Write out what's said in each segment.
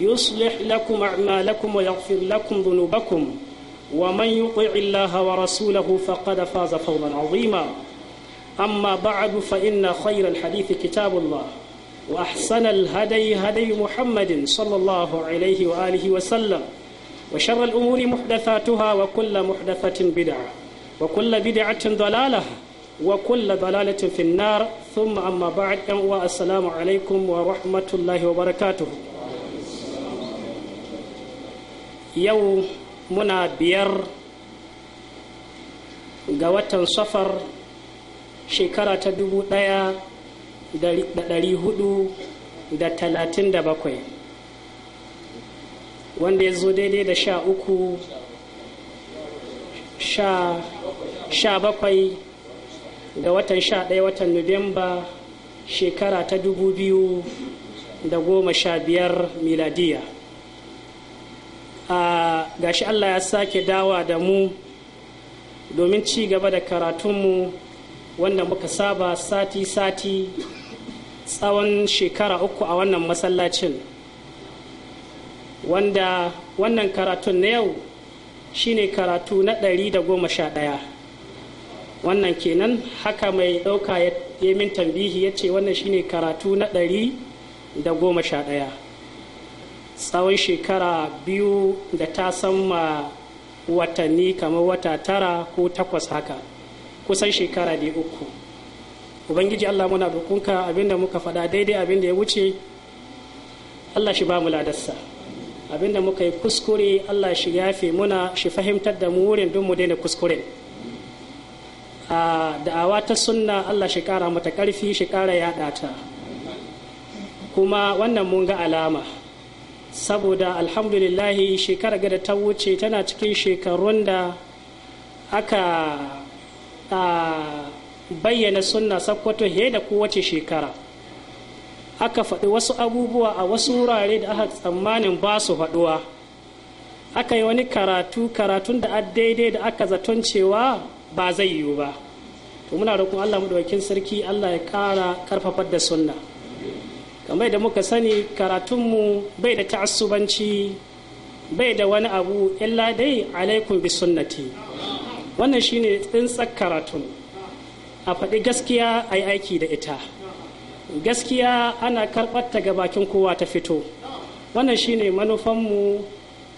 يصلح لكم أعمالكم ويغفر لكم ذنوبكم ومن يطع الله ورسوله فقد فاز فوزا عظيما أما بعد فإن خير الحديث كتاب الله وأحسن الهدي هدي محمد صلى الله عليه وآله وسلم وشر الأمور محدثاتها وكل محدثة بدعة وكل بدعة ضلالة وكل ضلالة في النار ثم أما بعد والسلام عليكم ورحمة الله وبركاته yau muna biyar ga watan safar shekara ta dubu ɗaya da ɗari hudu da talatin da bakwai wanda ya zo daidai da sha uku sha bakwai ga watan sha ɗaya watan nuwamba shekara ta dubu biyu da goma sha biyar miladiya a gashi allah ya sake dawa da mu domin ci gaba da karatunmu wanda muka saba sati-sati tsawon shekara uku a wannan masallacin wanda wannan karatun na yau shine karatu na ɗari da goma sha ɗaya wannan kenan haka mai ɗauka ya min tambihi ya ce wannan shine karatu na ɗari da goma sha ɗaya tsawon shekara biyu da ta samma watanni kamar wata tara ko takwas haka kusan shekara da uku ubangiji allah muna roƙonka abinda muka faɗa daidai abinda ya wuce allah shi ba mu ladarsa abinda muka yi kuskure allah shi yafe muna shi fahimtar da mu wurin don mu daina kuskuren a da'awa ta sunna allah shi kara mata karfi shi kara yaɗa ta kuma wannan mun ga alama saboda alhamdulillahi shekara gada ta wuce tana cikin shekarun da aka bayyana suna Sakwato he da kowace shekara aka faɗi wasu abubuwa a wasu wurare da aka tsammanin ba su faɗuwa aka yi wani karatu karatun da daidai da aka zaton cewa ba zai yiwu ba to muna roƙon allah maɗaukin sarki allah ya ƙara ƙarfafar da sunna kamar da muka sani karatunmu bai da ta'assubanci bai da wani abu illa dai alaikum bi sunnati wannan shine tsintsar karatun a faɗi gaskiya a yi aiki da ita gaskiya ana karɓar ta bakin kowa ta fito wannan shine mu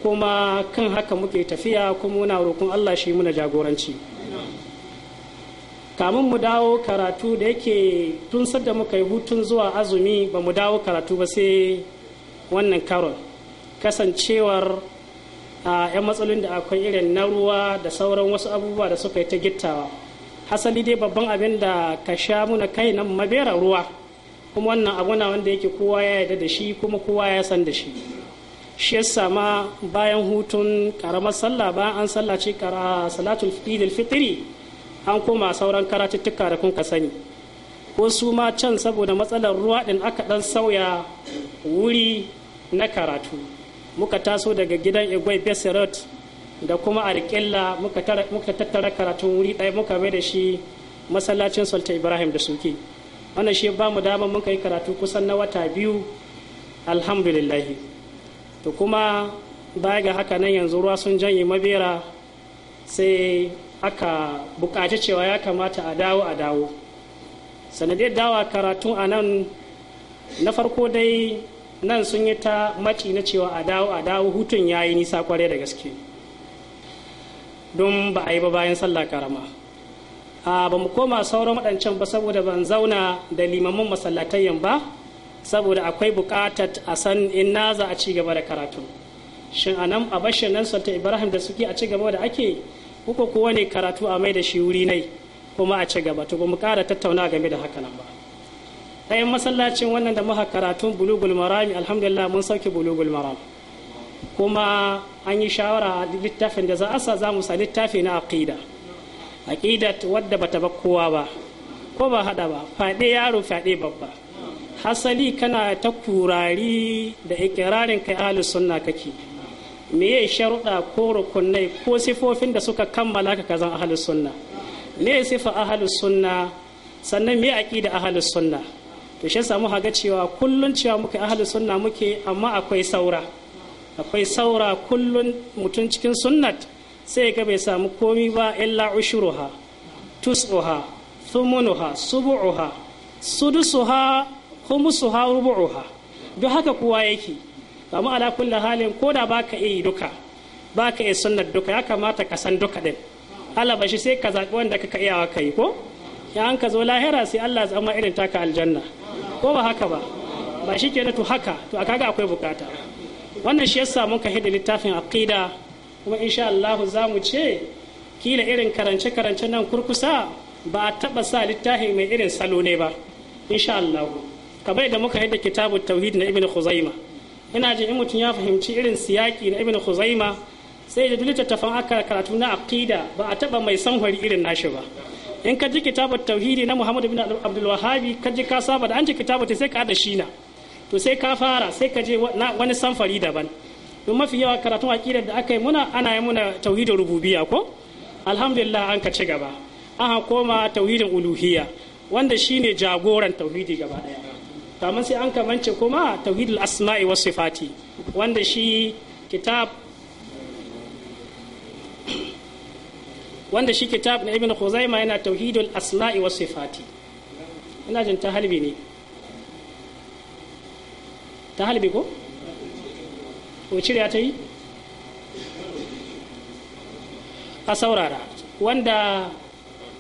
kuma kan haka muke tafiya kuma muna roƙon allah shi muna jagoranci kamun mu dawo karatu da yake tun sadda muka yi hutun zuwa azumi ba mu dawo karatu ba sai wannan karon kasancewar a 'yan matsalolin da akwai irin na ruwa da sauran wasu abubuwa da suka yi ta gittawa hasali dai babban abin da ka sha muna kai nan mabera ruwa kuma wannan abu na wanda yake kowa ya yarda da shi kuma kowa ya san da shi shi ya sama bayan hutun karamar sallah bayan an sallace kara salatul fitri an koma sauran karatuttuka da kun ka sani wasu ma can saboda matsalar ruwa ɗin aka ɗan sauya wuri na karatu muka taso daga gidan igwai beserot da kuma arkilla muka tattara karatun wuri ɗaya muka mai da shi masallacin sulta ibrahim da suke wannan shi ba mu dama muka yi karatu kusan na wata biyu alhamdulillahi to kuma baya ga haka nan yanzu ruwa sun janye mabera sai aka bukaci cewa ya kamata a dawo a dawo sanadiyar dawa karatun a nan na farko dai nan sun yi ta maci na cewa a dawo a dawo hutun ya yi nisa kwarai da gaske don ba a yi ba bayan sallah karama a ba mu koma sauran waɗancan ba saboda ban zauna da limamin masallatayyan ba saboda akwai buƙatar a san in na za a ci gaba da karatu shin a nan a bashin nan sultan ibrahim da suke a ci gaba da ake kuka kuwa ne karatu a mai da shi wuri nai kuma a ci gaba to ba mu kara tattauna game da hakanan nan ba ɗayan masallacin wannan da muka karatun bulugul marami alhamdulillah mun sauke bulugul marami kuma an yi shawara a littafin da za a sa za mu sa littafi na aqida aqida wadda bata ba kowa ba ko ba haɗa ba fade yaro fade babba hasali kana ta kurari da ikirarin kai ahlus sunna kake meye sharuɗa ko rukunai ko sifofin da suka kammala ka kazan ahalus sunna me sifa ahalus sunna sannan me aqida ahalus sunna to shi samu haga cewa kullun cewa muke ahalus sunna muke amma akwai saura akwai saura kullun mutum cikin sunnat sai ga bai samu komi ba illa ushuruha tus'uha thumunuha subu'uha sudusuha khumsuha rubu'uha duk haka kowa yake amma ala kulli halin ko da baka iya duka baka iya sunnar duka ya kamata ka san duka din Allah ba shi sai ka zaɓi wanda ka kaka iyawa kai ko ya an ka zo lahira sai Allah ya zama irin taka aljanna ko ba haka ba ba shi ke to haka to a kaga akwai bukata wannan shi yasa mun ka hidda littafin aqida kuma insha Allah za mu ce kila irin karance-karance nan kurkusa ba a taba sa littafi mai irin salo ne ba insha Allah kamar da muka hidda kitabu tauhid na ibnu khuzaimah ina jin in mutum ya fahimci irin siyaki na ibn khuzaima sai da duk littattafan aka karatu na aqida ba a taba mai samfari irin nashi ba in ka ji kitabar tauhidi na muhammad bin abdul wahabi ka ji ka saba da an ji kitabar sai ka da na to sai ka fara sai ka je wani samfari daban don mafi yawa karatun aqidar da aka yi muna ana yi muna tauhidin rububiyya ko alhamdulillah an ka ci gaba an koma tauhidin uluhiyya wanda shine jagoran tauhidi gaba daya kamar sai an kamance kuma tauhidul asma'i was sifati wanda shi kitab wanda shi kitab na ibn khuzaima yana tauhidul asma'i was sifati ina jin ta halbi ne ta halbi ko ko cire ta yi a saurara wanda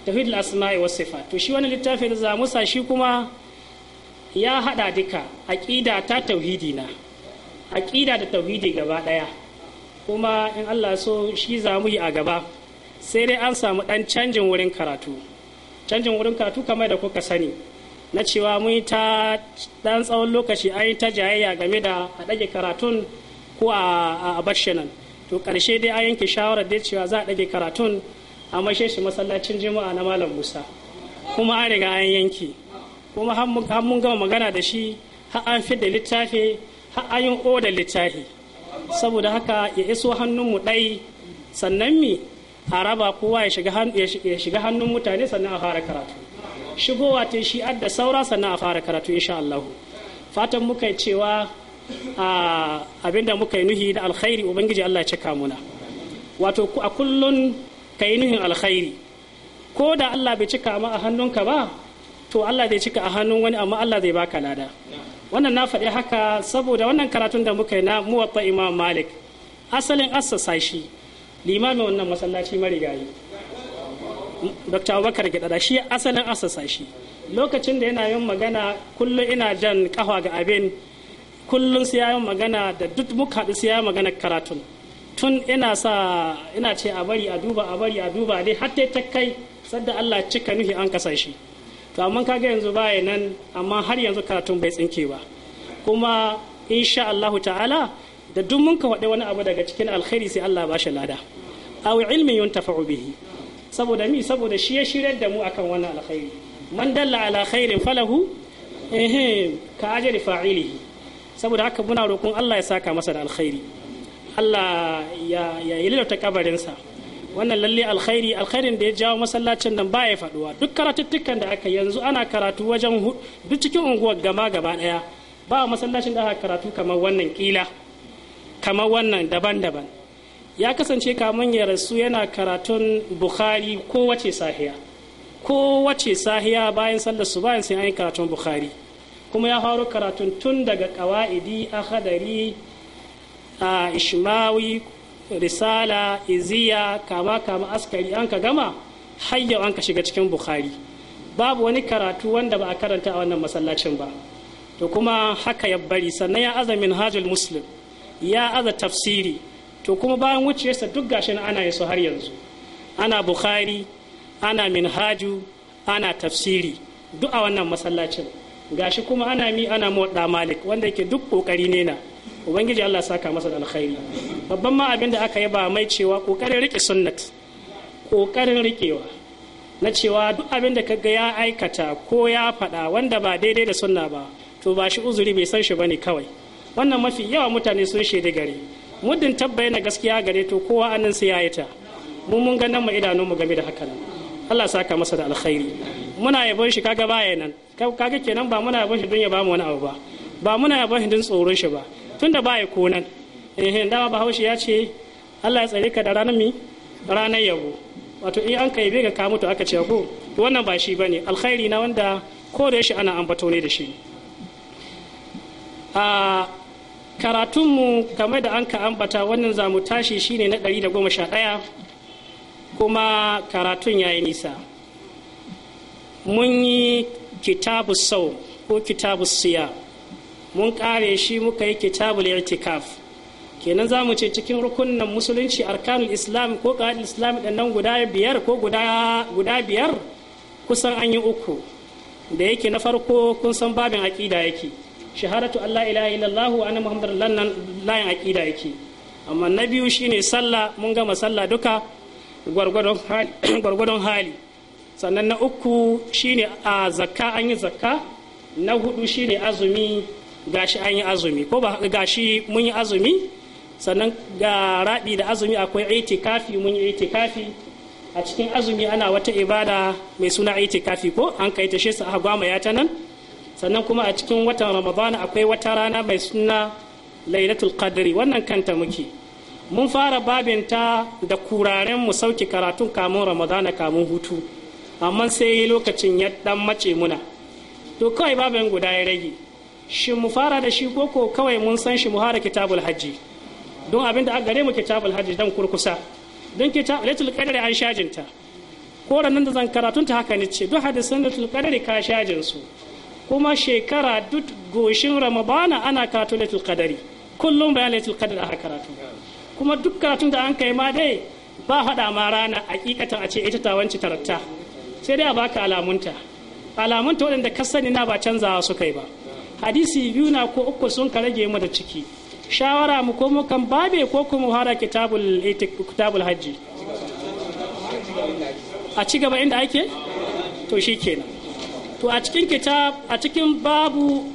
tauhidul asma'i was sifat to shi wani littafin za musa shi kuma ya haɗa duka aƙida ta tauhidi na aƙida da tauhidi gaba ɗaya kuma in allah so shi za mu yi a gaba sai dai an samu ɗan canjin wurin karatu canjin wurin karatu kamar da kuka sani na cewa mun yi ta ɗan tsawon lokaci an yi ta jayayya game da a ɗage karatun ko a nan to ƙarshe dai an yanke shawarar dai cewa za a ɗage karatun a mashe shi masallacin jima'a na malam musa kuma an riga an yanke kuma har mun gama magana da shi har an fi da littafi har an yi odar littafi saboda haka ya iso hannunmu ɗai sannan mi a raba kowa ya shiga hannun mutane sannan a fara karatu shigowa ta shi adda saura sannan a fara karatu insha Allah fatan muka yi cewa abinda muka yi nuhi da alkhairi ubangiji Allah ya cika muna wato a kullun ka yi nuhin alkhairi ko da Allah bai cika ma a hannunka ba to Allah zai cika a hannun wani amma Allah zai baka lada wannan na faɗi haka saboda wannan karatun da muka yi na muwatta imam malik asalin assasa shi limamin wannan masallaci marigayi dr abubakar gidada shi asalin assasa shi lokacin da yana yin magana kullum ina jan kafa ga abin kullum su yayin magana da duk muka haɗu su yayin magana karatun tun ina sa ina ce a bari a duba a bari a duba dai har ta kai sadda allah cika nuhi an kasa shi to amma kaga yanzu baya nan amma har yanzu karatun bai tsinke ba kuma insha Allah ta'ala da duk mun ka wani abu daga cikin alkhairi sai Allah ba shi lada aw ilmin yuntafa'u bihi saboda mi saboda shi ya shirar da mu akan wannan alkhairi man dalla ala khairin falahu eh ka ajri fa'ilihi saboda haka muna roƙon Allah ya saka masa da alkhairi Allah ya ya yi lalata kabarinsa wannan lalle alkhairi alkhairin da ya jawo masallacin nan baya faduwa duk karatuttukan da aka yanzu ana karatu wajen duk cikin unguwar gama gaba daya ba masallacin da aka karatu kamar wannan kila kamar wannan daban-daban ya kasance kamun ya rasu yana karatun bukhari wace sahiya wace sahiya bayan sallar su bayan sai an yi karatun bukhari kuma ya faru karatun tun daga kawa'idi hadari a ishmawi risala iziya kama kama askari an ka gama hayya an ka shiga cikin bukhari babu wani karatu wanda ba a karanta a wannan masallacin ba to kuma haka ya bari sannan ya aza minhajul muslim ya aza tafsiri to kuma bayan wuciyarsa duk gashi ana yaso har yanzu ana bukhari ana minhaju ana tafsiri duk a wannan masallacin gashi kuma ana mi ana moɗa malik wanda yake duk kokari ne na ubangiji Allah saka masa da alkhairi babban ma abin da aka yaba mai cewa kokarin rike sunnat kokarin rikewa na cewa duk abin da kaga ya aikata ko ya fada wanda ba daidai da sunna ba to ba shi uzuri bai san shi bane kawai wannan mafi yawa mutane sun shaidi gare muddin na gaskiya gare to kowa anan sai yayi ta mun mun ganin mu idanun mu game da haka nan Allah saka masa da alkhairi muna yabon shi kaga baya nan kaga kenan ba muna yabon shi don ya bamu wani abu ba ba muna yabon shi don tsoron shi ba tunda baya konan ehe dama bahaushe ya ce Allah ya tsare ka da ranar mi ranar yabo wato in an kai ga ka mutu aka ce ko wannan ba shi bane alkhairi na wanda ko da shi ana ambato ne da shi a karatun mu kamar da an ka ambata wannan za mu tashi shine na 111 kuma karatun ya yi nisa mun yi kitabu sau ko kitabu siya mun kare shi muka yi kitabul i'tikaf kenan za mu ce cikin rukunnan musulunci arkanul islam ko qa'idul islam nan guda biyar ko guda biyar kusan an yi uku da yake na farko kun san babin aqida yake shahadatu allah ilaha illallah wa anna muhammadar lannan layin aqida yake amma na biyu shine sallah mun gama sallah duka gwargwadon hali gwargwadon hali sannan na uku shine a zakka an yi zakka na hudu shine azumi gashi an yi azumi ko ba gashi mun yi azumi sannan ga rabi da azumi akwai itikafi mun yi itikafi a cikin azumi ana wata ibada mai suna itikafi ko an kai ta shesa a ya ta nan sannan kuma a cikin watan ramadana akwai wata rana mai suna lailatul qadri wannan kanta muke mun fara babinta da kuraren mu sauki karatun kamun ramadana kamun hutu amma sai lokacin ya dan mace muna to kawai babin guda ya rage Shin mu fara da shi koko kawai mun san shi mu hara kitabul hajji don abin da gare mu kitabul hajji dan kurkusa don kitab laitul qadri an shajinta ko nan da zan karatun ta haka ne ce duk hadisan laitul qadri ka shajin su kuma shekara duk goshin ramadana ana karatu laitul qadari kullum bayan laitul qadri har karatu kuma duk karatun da an kai ma dai ba haɗa ma rana hakikatan a ce ita ta wanci taratta sai dai a baka alamunta alamunta waɗanda ka sani na ba canzawa su kai ba hadisi biyu na ko uku sun ka rage mu da ciki shawara mu ko mu kan babe ko kuma fara kitabul kitabul hajji a ci gaba inda ake to shi kenan to a cikin kitab a cikin babu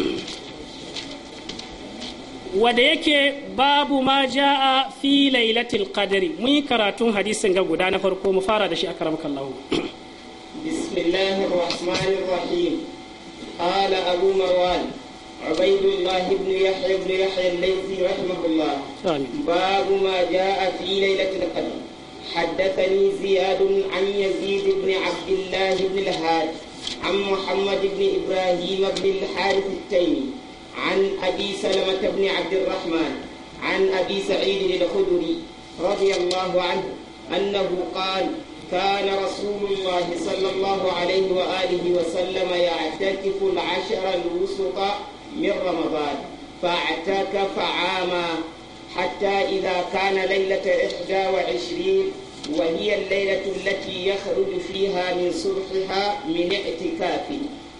wada yake babu ma ja'a fi lailatul qadri mun yi karatun hadisin ga guda na farko mu fara da shi akram bismillahir rahmanir rahim قال أبو مروان عبيد الله بن يحيى بن يحيى الليثي رحمه الله باب ما جاء في ليلة القدر حدثني زياد عن يزيد بن عبد الله بن الهاد عن محمد بن إبراهيم بن الحارث التيمي عن أبي سلمة بن عبد الرحمن عن أبي سعيد الخدري رضي الله عنه أنه قال كان رسول الله صلى الله عليه وآله وسلم يعتكف العشر الوسطى من رمضان فاعتكف عاما حتى إذا كان ليلة إحدى وعشرين وهي الليلة التي يخرج فيها من صبحها من اعتكاف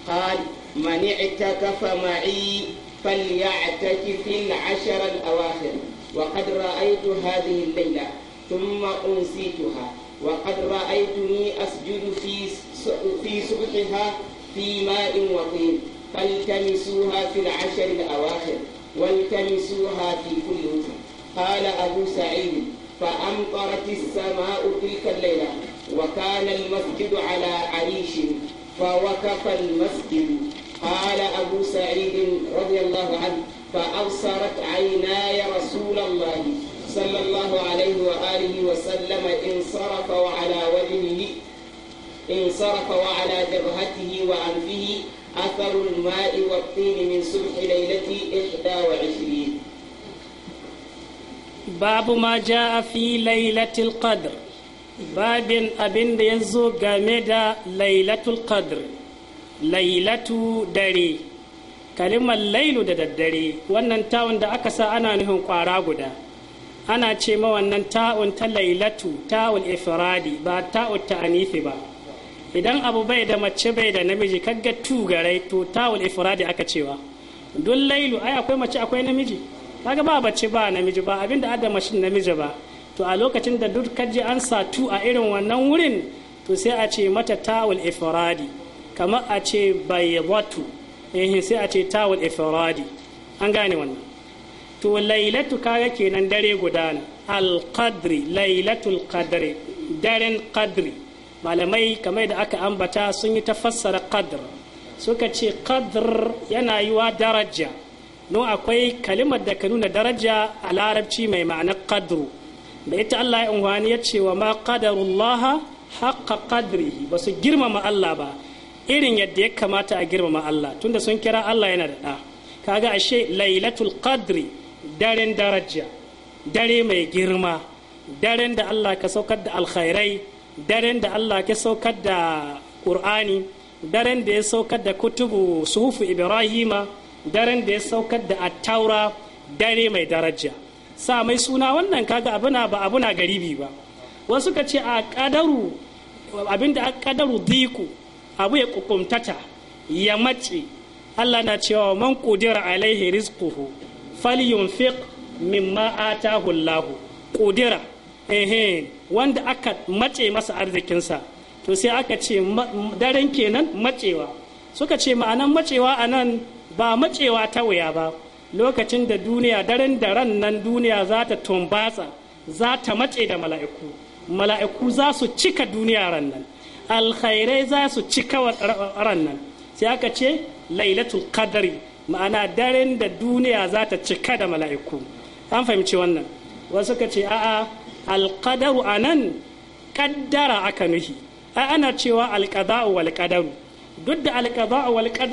قال من اعتكف معي فليعتكف العشر الأواخر وقد رأيت هذه الليلة ثم أنسيتها وقد رأيتني أسجد في في سبحها في ماء وطين فالتمسوها في العشر الأواخر والتمسوها في كل وتر قال أبو سعيد فأمطرت السماء تلك الليلة وكان المسجد على عريش فوقف المسجد قال أبو سعيد رضي الله عنه فأبصرت عيناي رسول الله صلى الله عليه وآله وسلم انصرف وعلى وجهه انصرف وعلى جبهته وأنفه أثر الماء والطين من صبح ليلة إحدى وعشرين باب ما جاء في ليلة القدر babin abin da ya zo game da lailatul qadr lailatu dare kalimar lailu da daddare wannan tawon da aka sa ana nufin kwara guda ana ce ma wannan ta'un ta lailatu ta'ul ifradi ba ta'ul ta'anifi ba idan abu bai da mace bai da namiji kaga tu garai to ta'ul ifradi aka cewa duk lailu ai akwai mace akwai namiji kaga ba bace ba namiji ba abinda ada mashin namiji ba to a lokacin da duk kaje an sa tu a irin wannan wurin to sai a ce mata ta'ul ifradi kamar a ce bayyadatu eh sai a ce ta'ul ifradi an gane wannan to lailatu kaga kenan dare guda ne lailatul qadri daren qadri malamai kamar da aka ambata sun yi tafassara qadr suka ce qadr yana yiwa daraja no akwai kalimar da ka nuna daraja a larabci mai ma'ana qadru da ita Allah ya unwani ya ce wa ma qadarullah haqqa qadrihi ba su girmama Allah ba irin yadda ya kamata a girmama Allah tunda sun kira Allah yana da ɗa kaga ashe lailatul qadri daren daraja dare mai girma daren da Allah ka saukar da alkhairai daren da Allah ka saukar da ƙur'ani daren da ya saukar da kutubu suhufu ibrahima daren da ya saukar da attaura dare mai daraja sa mai suna wannan kaga abuna ba abuna garibi ba wasu ka ce a kadaru abinda a kadaru diku abu ya kukumtata ya mace Allah na cewa man kudira alaihi rizquhu falyunfiq mimma atahu Allah qudira ehe wanda aka mace masa arzikinsa to sai aka ce daren kenan macewa suka ce ma'anan macewa anan ba macewa ta wuya ba lokacin da duniya daren da ran nan duniya za ta tumbatsa za ta mace da mala'iku mala'iku za su cika duniya ran nan alkhairai za su cika ran nan sai aka ce lailatul qadri ma'ana daren da duniya za ta cika da mala'iku an fahimci wannan wasu ka ce a'a alƙadaru a nan ƙaddara aka nuhi a ana cewa alƙada'u wal duk da alƙada'u wal can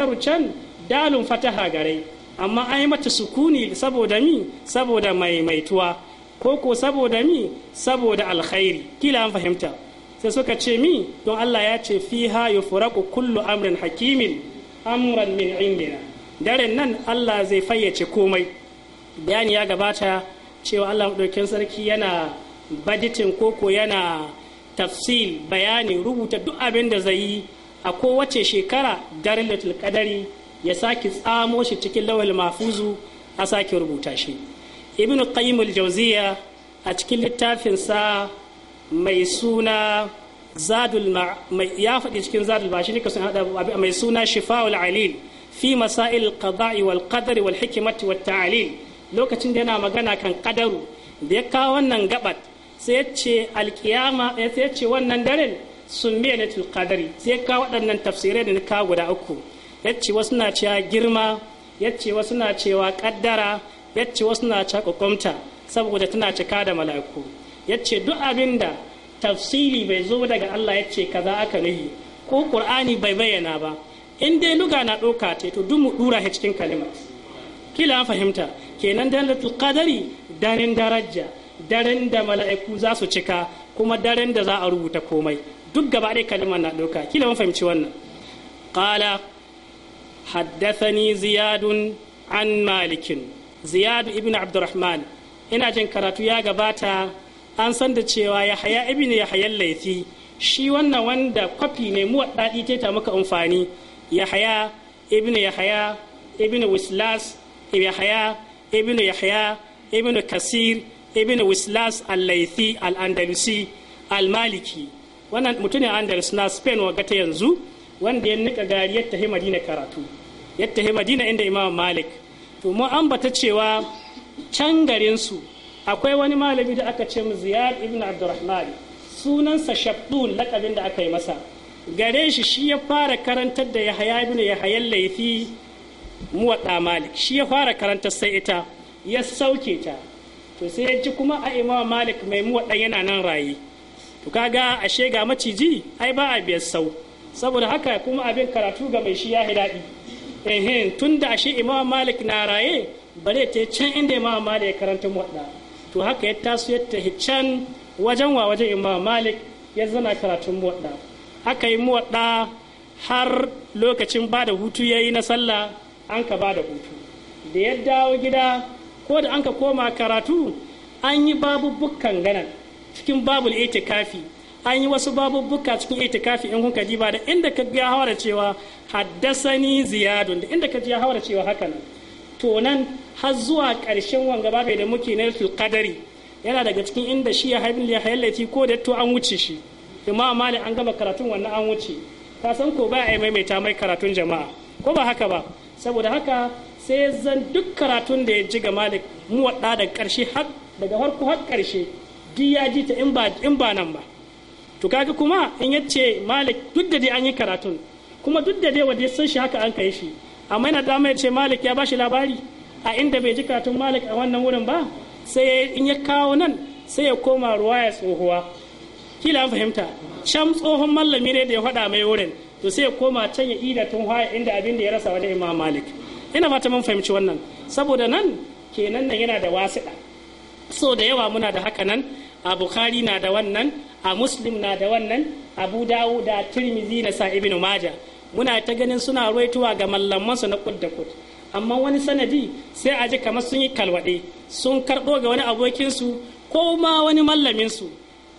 dalun fataha gare amma an yi mata sukuni saboda mi saboda maimaituwa ko ko saboda mi saboda alkhairi kila an fahimta sai suka ce mi don Allah ya ce fiha furaku kullu amrin hakimin amran min indina daren nan Allah zai fayyace komai bayani ya gabata cewa Allah ɗaukin sarki yana baditin koko yana tafsil bayani rubuta duk abin da zai yi a kowace shekara daren latul kadari ya sake tsamo shi cikin lawal mafuzu a sake rubuta shi ibn qayyim al-jawziya a cikin littafinsa mai suna zadul ya faɗi cikin zadul ba shi ne mai suna shifa'ul alil fi masail qada'i wal qadari wal hikimati wat ta'lil lokacin da yana magana kan qadaru da ya kawo wannan gabat sai ya ce alkiyama eh, sai ya ce wannan daren sun lailatul qadari sai ya kawo waɗannan tafsirai da ka guda uku ya ce wasu na cewa girma ya ce wasu na cewa kaddara ya ce wasu na cewa kokomta saboda tana cika da mala'iku ya ce duk abin da tafsiri bai zo daga Allah ya ce kaza aka nuhi ko Qur'ani bai bayyana ba in dai luga na ɗauka ta to dun mu ɗura ha cikin kalima kila an fahimta kenan dalatul qadari daren daraja daren da mala'iku za su cika kuma daren da za a rubuta komai duk gaba ɗaya kalima na ɗauka kila an fahimci wannan qala haddathani ziyadun an malikin ziyadu ibn abdurrahman ina jin karatu ya gabata an san da cewa ya yahaya ibn yahaya laifi shi wannan wanda kwafi ne mu daɗi ta muka amfani yahya ibn yahya ibn wislas yahya ibn yahya ibn kasir ibn wislas al-laithi al-andalusi al-maliki wannan mutumin andalus na spain wa gata yanzu wanda ya nika gari ya tafi madina karatu ya tafi madina inda imam malik to mu bata cewa can garinsu akwai wani malami da aka ce mu ziyad ibn abdurrahman sunansa shabdun lakabin da aka yi masa gare shi shi ya fara karantar da yahaya ibn yahaya laifi muwadda malik shi ya fara karantar sai ita ya sauke ta to sai ya ji kuma a imama malik mai muwadda yana nan raye to kaga ashe ga maciji ai ba a biyar sau saboda haka kuma abin karatu ga mai shi ya daɗi ehin tun da ashe imam malik na raye bare ta can inda imama malik ya karanta muwadda to haka ya taso ya tahi can wajen wa wajen imama malik ya zana karatun muwadda aka yi muwaɗa har lokacin ba da hutu ya yi na sallah an ka ba da hutu da ya dawo gida ko da an ka koma karatu an yi bukkan ganan cikin babul itikafi an yi wasu bukka cikin itikafi in kuka ba da inda ka ga hawara cewa haddasani ziyadun da inda ka ji hawara cewa haka to nan har zuwa karshen wanga babu da muke na qadari yana daga cikin inda shi ya da ya ko da to an wuce shi imam malik an gama karatun wannan an wuce ka san ko ba a yi maimaita mai karatun jama'a ko ba haka ba saboda haka sai zan duk karatun da ya ji ga malik mu wadda da karshe har daga farko har karshe duk ya ji ta in ba in ba nan ba to kaga kuma in yace malik duk da dai an yi karatun kuma duk da dai wanda ya san shi haka an kai shi amma yana dama ya ce malik ya bashi labari a inda bai ji karatun malik a wannan wurin ba sai in ya kawo nan sai ya koma ruwa ya tsohuwa kila an fahimta can tsohon mallami ne da ya faɗa mai wurin to sai ya koma can ya ida tun haya inda abin da ya rasa wani imam malik ina fata mun fahimci wannan saboda nan kenan nan yana da wasiɗa so da yawa muna da haka nan a bukhari na da wannan a muslim na da wannan abu dawo da tirmizi na sa ibn maja muna ta ganin suna ruwaituwa ga mallamansu na kud da kud amma wani sanadi sai a ji kamar sun yi kalwaɗe sun karɓo ga wani abokinsu ko ma wani mallaminsu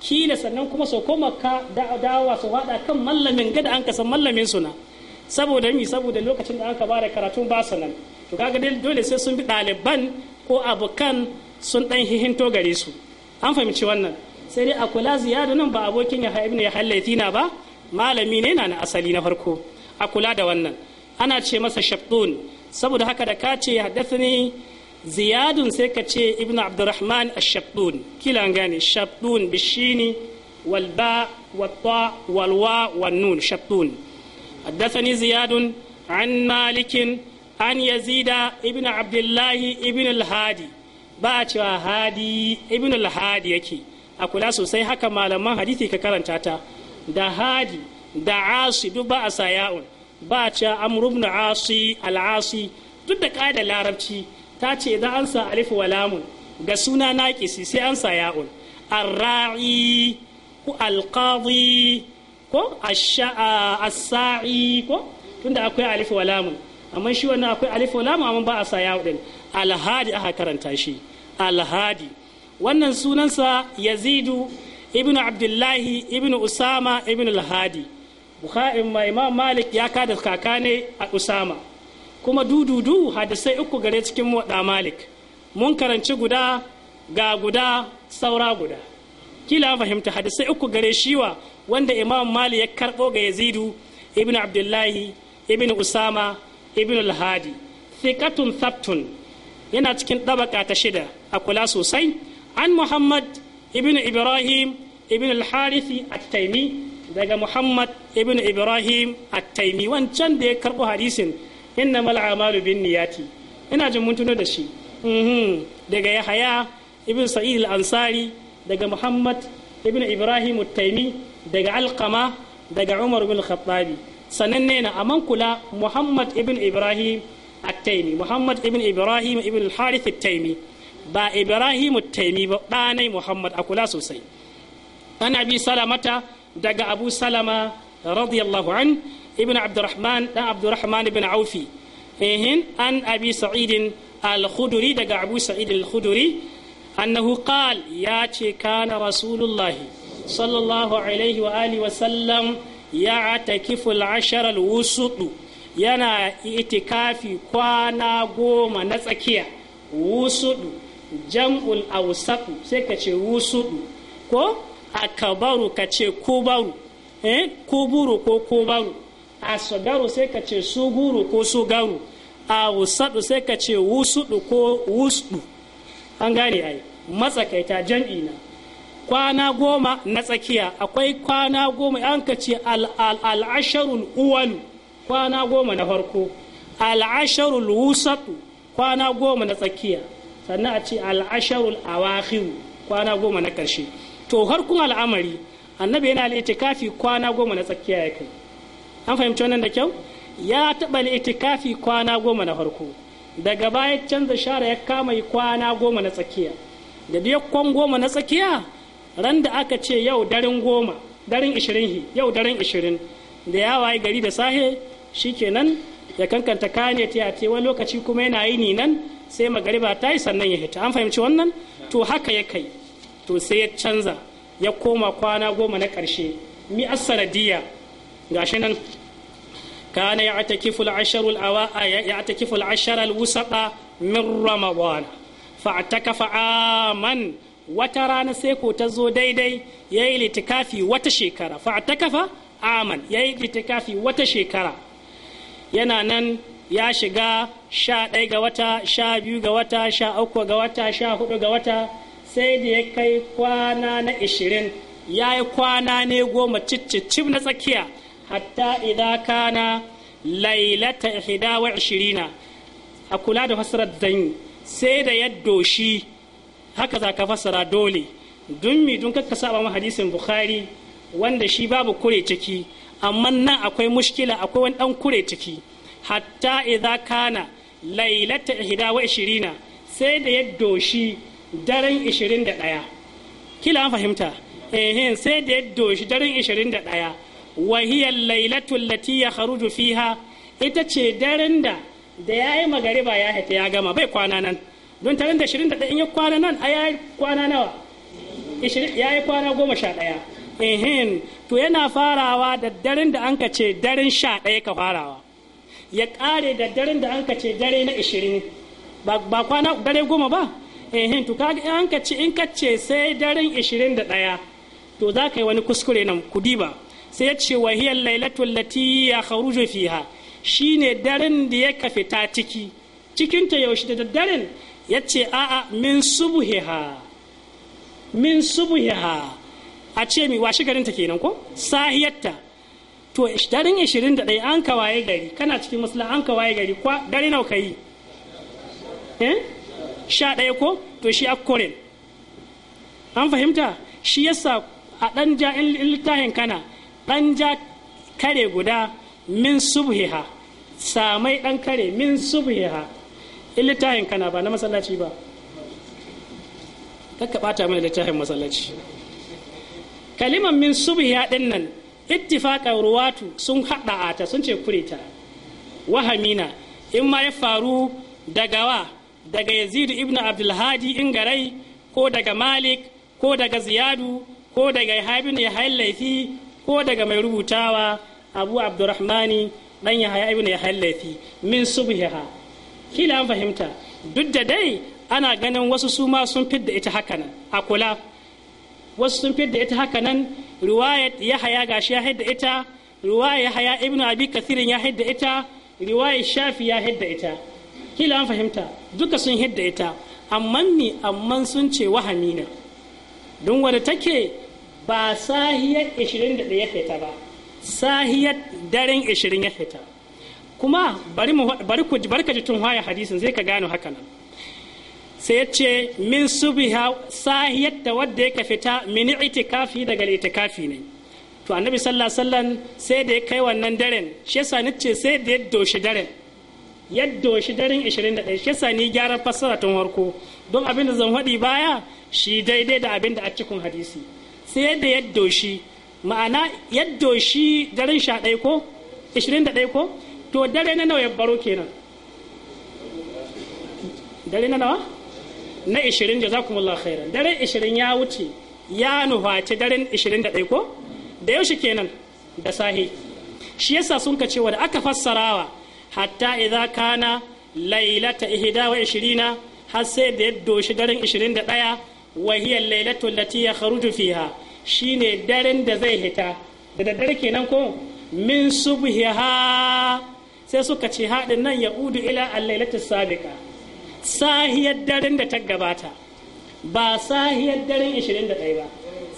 kila sannan kuma su koma ka dawowa su hada kan mallamin gada an kasan mallamin suna saboda mi saboda lokacin da aka bada karatun ba su nan to kaga dole sai sun bi ɗaliban ko abokan sun dan hihinto gare su an fahimci wannan sai dai a kula ziyada nan ba abokin ya ne ya na ba malami ne na asali na farko a kula da wannan ana ce masa shabdun saboda haka da ka ce haddathani ziyadun sai ka ce ibn abdurrahman ash-shabdun kila gane shabdun bi shini wal ba wa wal nun shabdun haddathani ziyadun an malikin an yazida ibn abdullahi ibn al-hadi ba a cewa hadi ibn yake a kula sosai haka malaman hadisi ka karanta ta da hadi da asi duk ba a sayaun ba a cewa amru ibn al-asi duk da ƙa'idar larabci ta ce idan an sa alif wa lamun ga suna naƙisi sai an sa ya'un arra'i ko alqadi ko as-sa'i ko tunda akwai alif wa lamun amma shi wannan akwai alif wa lamun amma ba a sa ya'un din alhadi aka karanta shi alhadi wannan sunansa yazidu ibn abdullahi ibn usama ibn alhadi bukhari imam malik ya kada kaka ne a usama kuma dududu hadisai uku gare cikin muwaɗa malik mun karanci guda ga guda saura guda kila fahimta hadisai uku gare shiwa wanda imam mali ya karɓo ga yazidu ibn abdullahi ibn usama ibn alhadi hadi thabtun yana cikin ɗabaka ta shida a kula sosai an muhammad ibn ibrahim ibn alharithi at-taimi daga muhammad ibn ibrahim at-taimi wancan da ya karbo hadisin innamal a'malu ina jin mun tuno da shi daga yahaya ibn sa'id al-ansari daga muhammad ibn ibrahim taimi daga alqama daga umar bin khattabi sananne na aman kula muhammad ibn ibrahim at-taimi muhammad ibn ibrahim ibn al-harith ba ibrahim at ba ɗanai muhammad a kula sosai ana bi salamata daga abu salama radiyallahu an ibn abdurrahman dan bin ibn aufi ehin an abi sa'id al-khudri daga abu sa'id al-khudri annahu qal ya ce kana rasulullah sallallahu alaihi wa alihi wa sallam ya atakifu al-ashar al yana itikafi kwana goma na tsakiya wusudu jam'ul awsatu sai ka ce ko akabaru ka ce kubaru eh kuburu ko kubaru A asgaru sai ka ce suguru ko sugaru a wusadu sai ka ce wusudu ko wusdu an gane ai matsakaita jam'i na kwana goma na tsakiya akwai kwana goma an ka ce al'asharul uwalu kwana goma na farko al'asharul wusadu, kwana goma na tsakiya sannan a ce al'asharul awakhiru kwana goma na ƙarshe to harkun al'amari annabi yana itikafi kwana goma na tsakiya ya kai an fahimci wannan da kyau ya taɓa itikafi kwana goma na farko daga baya canza shara ya kama yi kwana goma na tsakiya da biyakon goma na tsakiya ran da aka ce yau daren goma darin ishirin hi yau darin ishirin da ya waye gari da sahe shikenan ya kankanta kane ta yace wani lokaci kuma yana yini nan sai magariba ta yi sannan ya hita an fahimci wannan to haka ya kai to sai ya canza ya koma kwana goma na ƙarshe mi as sanadiyya gashi nan kana ya ta kifu asharul awa ya ta kifu ashara al min ramadan fa kafa aman wata rana sai ko ta zo daidai ya yi litikafi wata shekara fa kafa aman yi litikafi wata shekara yana nan ya shiga sha ɗaya ga wata sha biyu ga wata sha uku ga wata sha hudu ga wata sai da ya kai kwana na ishirin ya yi kwana ne goma cicicif na tsakiya hatta idza kana lailata 21 a kula da fassarar zanyi sai da ya doshi haka za ka fassara dole dun mi dun kakka saba mu hadisin bukhari wanda shi babu kure ciki amma nan akwai mushkila akwai wani dan kure ciki hatta idza kana lailata 21 sai da ya doshi daren 21 kila an fahimta eh sai da ya doshi daren 21 wa hiya lailatu ya kharuju fiha ita ce daren da da yi magariba ya hita ya gama bai kwana nan don tarin da da in ya kwana nan a yayi kwana nawa ya yi kwana goma sha ɗaya ehin to yana farawa da daren da an ka ce daren sha ɗaya ka farawa ya ƙare da daren da an ka ce dare na ishirin ba kwana dare goma ba ehin to kaga in ka ce in ka ce sai daren ishirin da ɗaya to za ka yi wani kuskure nan ku diba sai ya ce wa hiyar lailatul lati ya kharuju fiha shine daren da ya fita ciki cikin ta yaushe da daren ya ce a'a min subhiha min subhiha a ce mi washe garin ta kenan ko sahiyatta to daren 21 an kawaye gari kana cikin musulun an kawaye gari kwa dare nawa kai eh sha ɗaya ko to shi akkorin an fahimta shi yasa a ɗan ja in littafin kana ɗan ja kare guda min subhiha samai ɗan kare min subhiha in littafin kana ba na masallaci ba kakka ɓata mai littafin masallaci kaliman min subhiha ɗin nan ittifaka ruwatu sun haɗa ata sun ce kurita wahamina in ma ya faru daga wa daga yazidu ibn abdulhadi in garai ko daga malik ko daga ziyadu ko daga yahabin ya laifi ko daga mai rubutawa abu abdurrahmani dan yahaya ibn Laifi, min subhiha kila an fahimta duk da dai ana ganin wasu su ma sun fidda ita hakanan a kula wasu sun fidda ita hakanan riwayat yahaya gashi ya hidda ita riwaya haya ibn abi kathirin ya hidda ita riwaya shafi ya hidda ita kila an fahimta duka sun hidda ita amma ni amma sun ce wahami ne don wadda take ba sahiyar 21 ya fita ba sahiyar daren 20 ya fita kuma bari ku barka ji tun waya hadisin zai ka gano haka nan sai ce min subha sahiyar ta wadda ya fita min itikafi daga itikafi ne to annabi sallallahu alaihi sai da ya kai wannan daren shi yasa ni ce sai da ya doshi daren ya doshi daren 21 shi yasa ni gyaran fassara tun farko don abin da zan faɗi baya shi daidai da abin da a cikin hadisi sai da yaddoshi ma'ana yaddoshi daren sha ɗaya ko ishirin da ko to dare na nawa ya baro kenan dare na nawa na ishirin jazakumullah khairan dare ishirin ya wuce ya nufaci daren ishirin da ko da yaushe kenan da sahi shi yasa sun ka cewa da aka fassarawa hatta idza kana lailata ihda wa ishirina har sai da ya doshi daren ishirin da ɗaya wa hiya lailatu allati yakhruju fiha shine daren da zai hita da daddare kenan ko min subhiha sai suka ce haɗin nan ya udu ila allailatul sabiqa sahiyar daren da ta gabata ba sahiyar daren 21 ba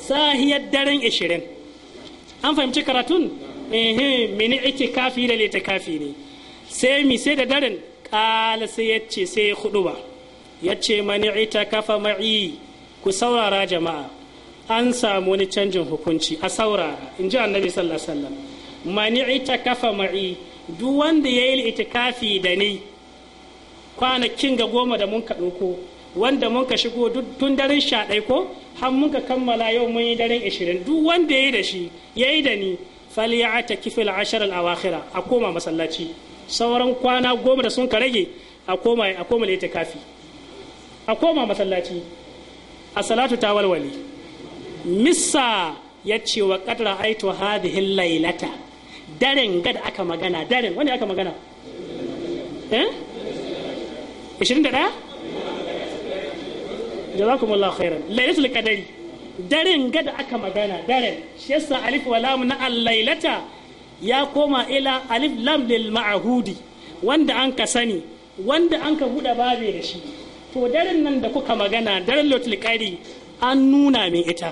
sahiyar daren 20 an fahimci karatun ehe mini itikafi da litikafi ne sai mi sai da daren kala sai ya ce sai ya hudu ba ya ce mani ita kafa ma'i ku saurara jama'a an samu wani canjin hukunci a saurara in ji annabi sallallahu alaihi wasallam mani itakafa ma'i duk wanda ya yi itikafi da ni kwanakin ga goma da mun ka ɗauko wanda mun ka shigo tun daren sha ɗai ko har mun ka kammala yau mun yi daren ashirin duk wanda ya yi da shi ya yi da ni faliyata kifil ashar al ashirin a koma masallaci sauran kwana goma da sun ka rage a koma a koma itikafi a koma masallaci a salatu ta walwale missa ya ce wa kadra aitu hadhihi lailata daren gad aka magana daren wani aka magana eh 21 jazakumullahu khairan lailatul qadari daren gada aka magana daren shi yasa alif wa lam na al-lailata ya koma ila alif lam lil ma'hudi wanda an ka sani wanda an ka huda babe da shi to daren nan da kuka magana daren lotul kari an nuna min ita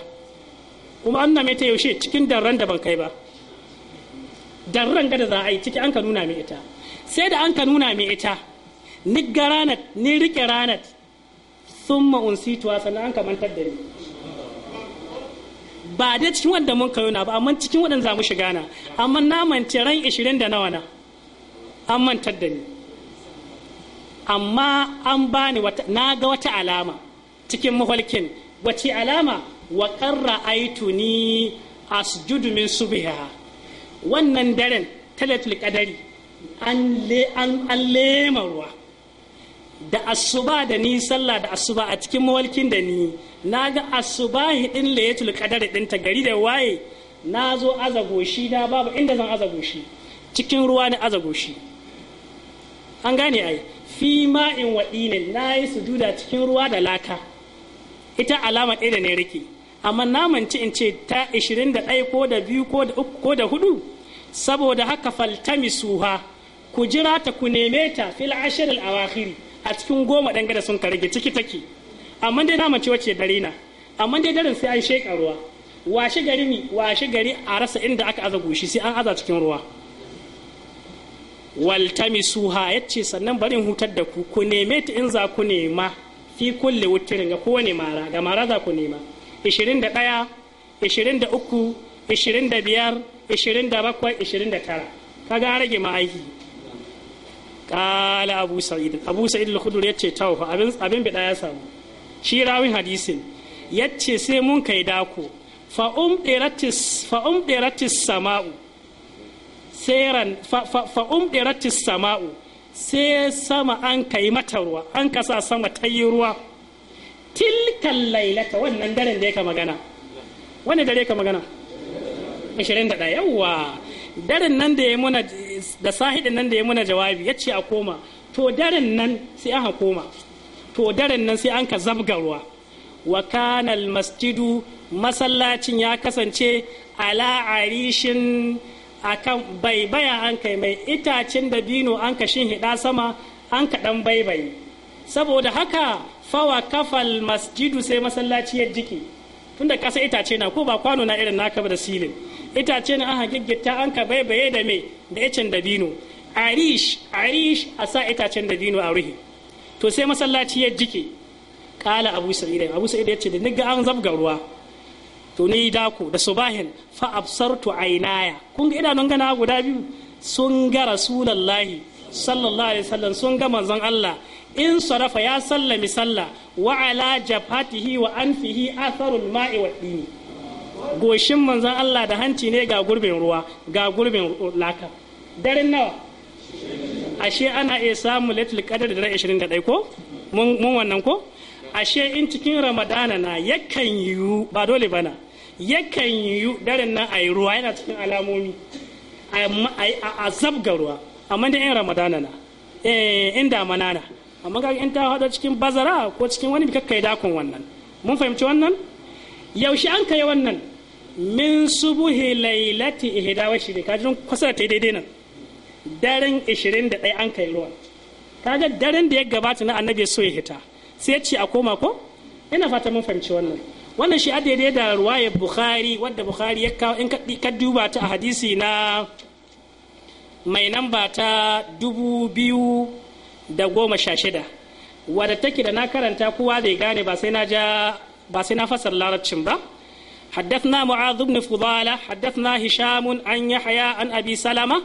kuma an nuna mai ta yaushe cikin darren da ban kai ba darren gada za a yi ciki an ka nuna mai ita sai da an ka nuna mai ita ni ga ranat ni rike ranat sun ma'unsituwa sannan an ka mantar da ni ba dai cikin wanda mun kayo na ba amma cikin waɗanda za mu shiga na amma na mance ran 20 da nawa na an mantar da ni amma an bani wata na ga wata alama cikin mahulkin wace alama wa karra aituni asjudu min subha wannan daren talatul qadari an le an ruwa da asuba da ni sallah da asuba a cikin mawalkin da ni na ga asuba hidin layatul kadari din ta gari da waye na zo aza na babu inda zan aza cikin ruwa ne aza an gane ai fi ma'in waɗi ne na yi sujuda cikin ruwa da laka ita alama ɗaya da ne rike amma naman ci in ce ta 21 ko da biyu ko da uku ko da hudu saboda haka faltami suha ku jira ta ku neme ta fil ashir al awakhiri a cikin goma dan gada sun ka rage ciki take amma dai naman ci wacce dare na amma dai daren sai an sheka ruwa washe gari mi washe gari a rasa inda aka aza gushi sai an aza cikin ruwa suha ya ce sannan barin hutar da ku ku neme ta in za ku nema fi kulle wuturin ga kowane mara ga mara za ku nema 21 23 25 27 29 kaga an rage ma'aiki kala abu sa'id abu sa'id al ya ce tawafa abin abin bida ya samu shi rawin hadisin ya ce sai mun kai dako fa um fa sama'u seran fa'umɗiratis sama'u sai sama an kai mata ruwa an kasa sama ta yi ruwa tilkan lailata wannan daren da ya ka magana wannan dare ka magana 21 yawwa daren nan da ya muna da sahidin nan da ya muna jawabi ya ce a koma to daren nan sai an koma to daren nan sai an ka zabga ruwa wa kanal masjidu masallacin ya kasance ala arishin akan baibaya an kai mai itacin dabino an ka shin hida sama an ka dan baibaye saboda haka fawa kafal masjidu sai masallaci ya jiki tunda kasa itace na ko ba kwano na irin naka ba da silin itace na aka giggita an ka baibaye da me da icen dabino arish arish a sa itacen dabino a ruhi to sai masallaci ya jiki kala abu sa'ida abu sa'ida ya ce da niga an zabga ruwa to ni dako da subahin fa absartu ainaya kun ga idanun gana guda biyu sun ga rasulallahi sallallahu alaihi wasallam sun ga manzon Allah in sarafa ya sallami sallah wa ala jafatihi wa anfihi atharul ma'i wa dini goshin manzon Allah da hanci ne ga gurbin ruwa ga gurbin laka Darin nawa ashe ana iya samu latul qadar da 21 ko mun wannan ko ashe in cikin ramadana na yakan yiwu ba dole bana yakan yi daren nan a yi ruwa yana cikin alamomi a zabga ruwa amma da yan ramadana na eh, in damana na amma ga in ta hada cikin bazara ko cikin wani bikakka ya dakon wannan mun fahimci wannan yaushe an kai wannan min subuhi lailati ihda wa shiri kaji don kusa ta daidai nan daren 21 an kai ruwa kaga daren da ya gabata na annabi so ya hita sai ya ce a koma ko ina fata mun fahimci wannan wannan shi daidai da ruwayar bukhari wadda bukhari ya kawo in ka duba ta a hadisi na mai namba ta dubu biyu da goma sha shida wadda take da na karanta kowa zai gane ba sai na ja ba sai na fasar larabcin ba حدثنا معاذ بن فضالة حدثنا هشام عن يحيى عن أبي سلمة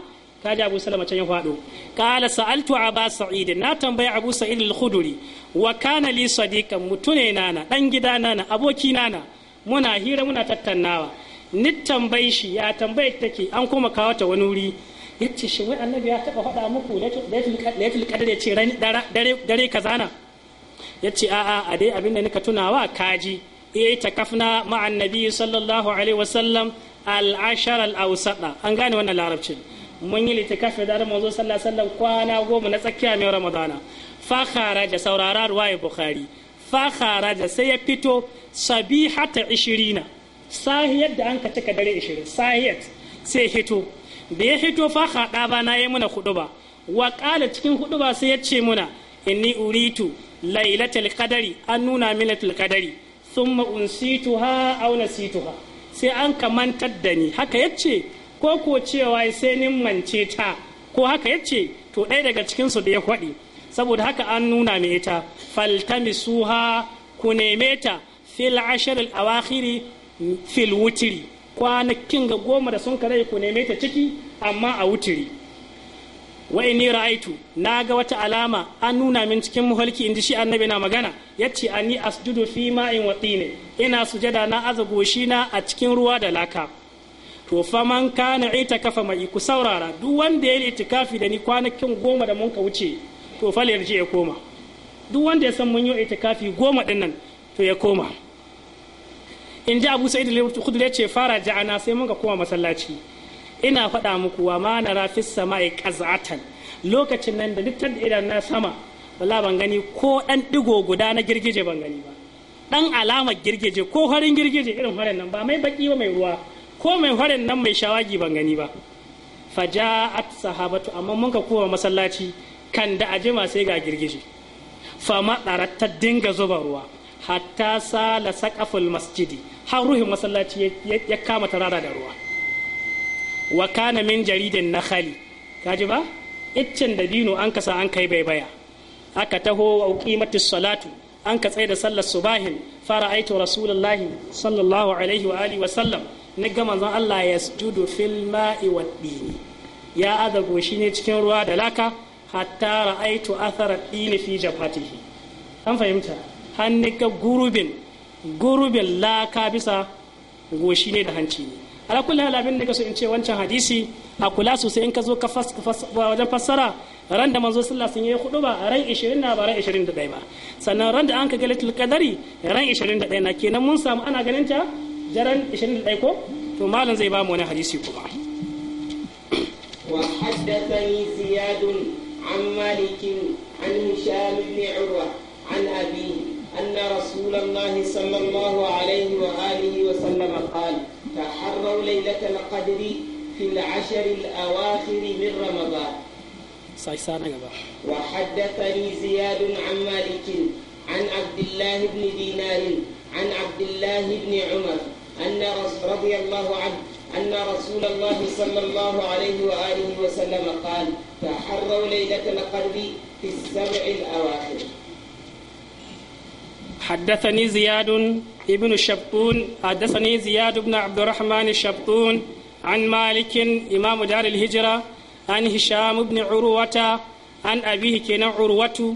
كاجا أبو سلمة يفادو قال سألت أبا سعيد ناتم بي أبو سعيد الخدري wa kana li sadiqan mutune nana dan gida nana aboki nana muna hira muna tattaunawa ni tambayi shi ya tambaye take an kuma kawo ta wani wuri yace shi wai annabi ya taba faɗa muku da qadar yace dare dare kazana yace a'a a dai abinda nika tunawa kaji eh ta kafna ma'an nabi sallallahu alaihi wasallam al-ashar al-awsata an gane wannan larabcin mun yi litikafi da manzo sallallahu alaihi wasallam kwana goma na tsakiya mai ramadana fakhara da saurara ruwaya bukhari fakhara da sai ya fito sabihata ishirina sahiyar da an ka cika dare ishirin sahiyar sai hito da ya hito fakhada ba na yi muna hudu ba wa kala cikin hudu ba sai ya ce muna inni uritu lailatul qadari an nuna minatul qadari thumma unsituha aw nasituha sai an kamantar da ni haka yace ko ko cewa sai nin mance ta ko haka yace to ɗaya daga cikin su da ya kwaɗi. saboda haka an nuna mai ita faltamisuha ku neme ta fil asharil awakhiri fil wutiri kwanakin ga goma da sun kare ku neme ta ciki amma a wutiri wa ni ra'aitu na ga wata alama an nuna min cikin muhalki inji shi annabi na magana Ya ce yace ani asjudu fi ma'in watsi ne. ina sujada na goshi na a cikin ruwa da laka to fa man kana ita kafa mai ku saurara duk wanda ya yi itikafi da ni kwanakin goma da mun ka wuce to fa ya koma duk wanda ya san mun yi itikafi goma din nan to ya koma in ji abu sa'id al ya ce fara ja'ana sai mun ka koma masallaci ina faɗa muku wa ma rafis sama ya ƙaz'atan lokacin nan da da idan na sama wala ban gani ko dan digo guda na girgije ban gani ba dan alamar girgije ko harin girgije irin harin nan ba mai baki ba mai ruwa ko mai harin nan mai shawagi ban gani ba faja'at sahabatu amma mun ka koma masallaci kan da a jima sai ga girgije fama ta dinga zuba ruwa hatta sala saƙaful masjidi har ruhin masallaci ya kama tarara da ruwa wa kana min jaridin nakhali kaji ba iccen dabino an kasa an kai baibaya aka taho wa qimatis salatu an ka tsaye da sallar subahin fara aito rasulullahi sallallahu alaihi wa alihi wa sallam na ga manzon Allah ya sujudu fil ma'i wa ya azago shi ne cikin ruwa da laka hatta ra'aitu ad-din fi jabhatihi an fahimta hannu ka gurubin gurubin laka bisa goshi ne da hanci ne ala kulli hal abin da kaso in ce wancan hadisi a kula sosai in ka zo ka wajen fassara ran da manzo sallah sun yi hudu ba ran 20 na ba ran 21 ba sannan ran da an ka ga litul qadari ran 21 na kenan mun samu ana ganin ta jaran 21 ko to malam zai ba mu wani hadisi kuma wa haddathani ziyadun عن مالك عن هشام بن عروة عن أبيه أن رسول الله صلى الله عليه وآله وسلم قال تحروا ليلة القدر في العشر الأواخر من رمضان وحدثني زياد عن مالك عن عبد الله بن دينار عن عبد الله بن عمر أن رضي الله عنه أن رسول الله صلى الله عليه وآله وسلم قال تحروا ليلة القدر في السبع الأواخر حدثني زياد ابن الشبطون حدثني زياد بن عبد الرحمن الشبطون عن مالك إمام دار الهجرة عن هشام بن عروة عن أبيه كان عروة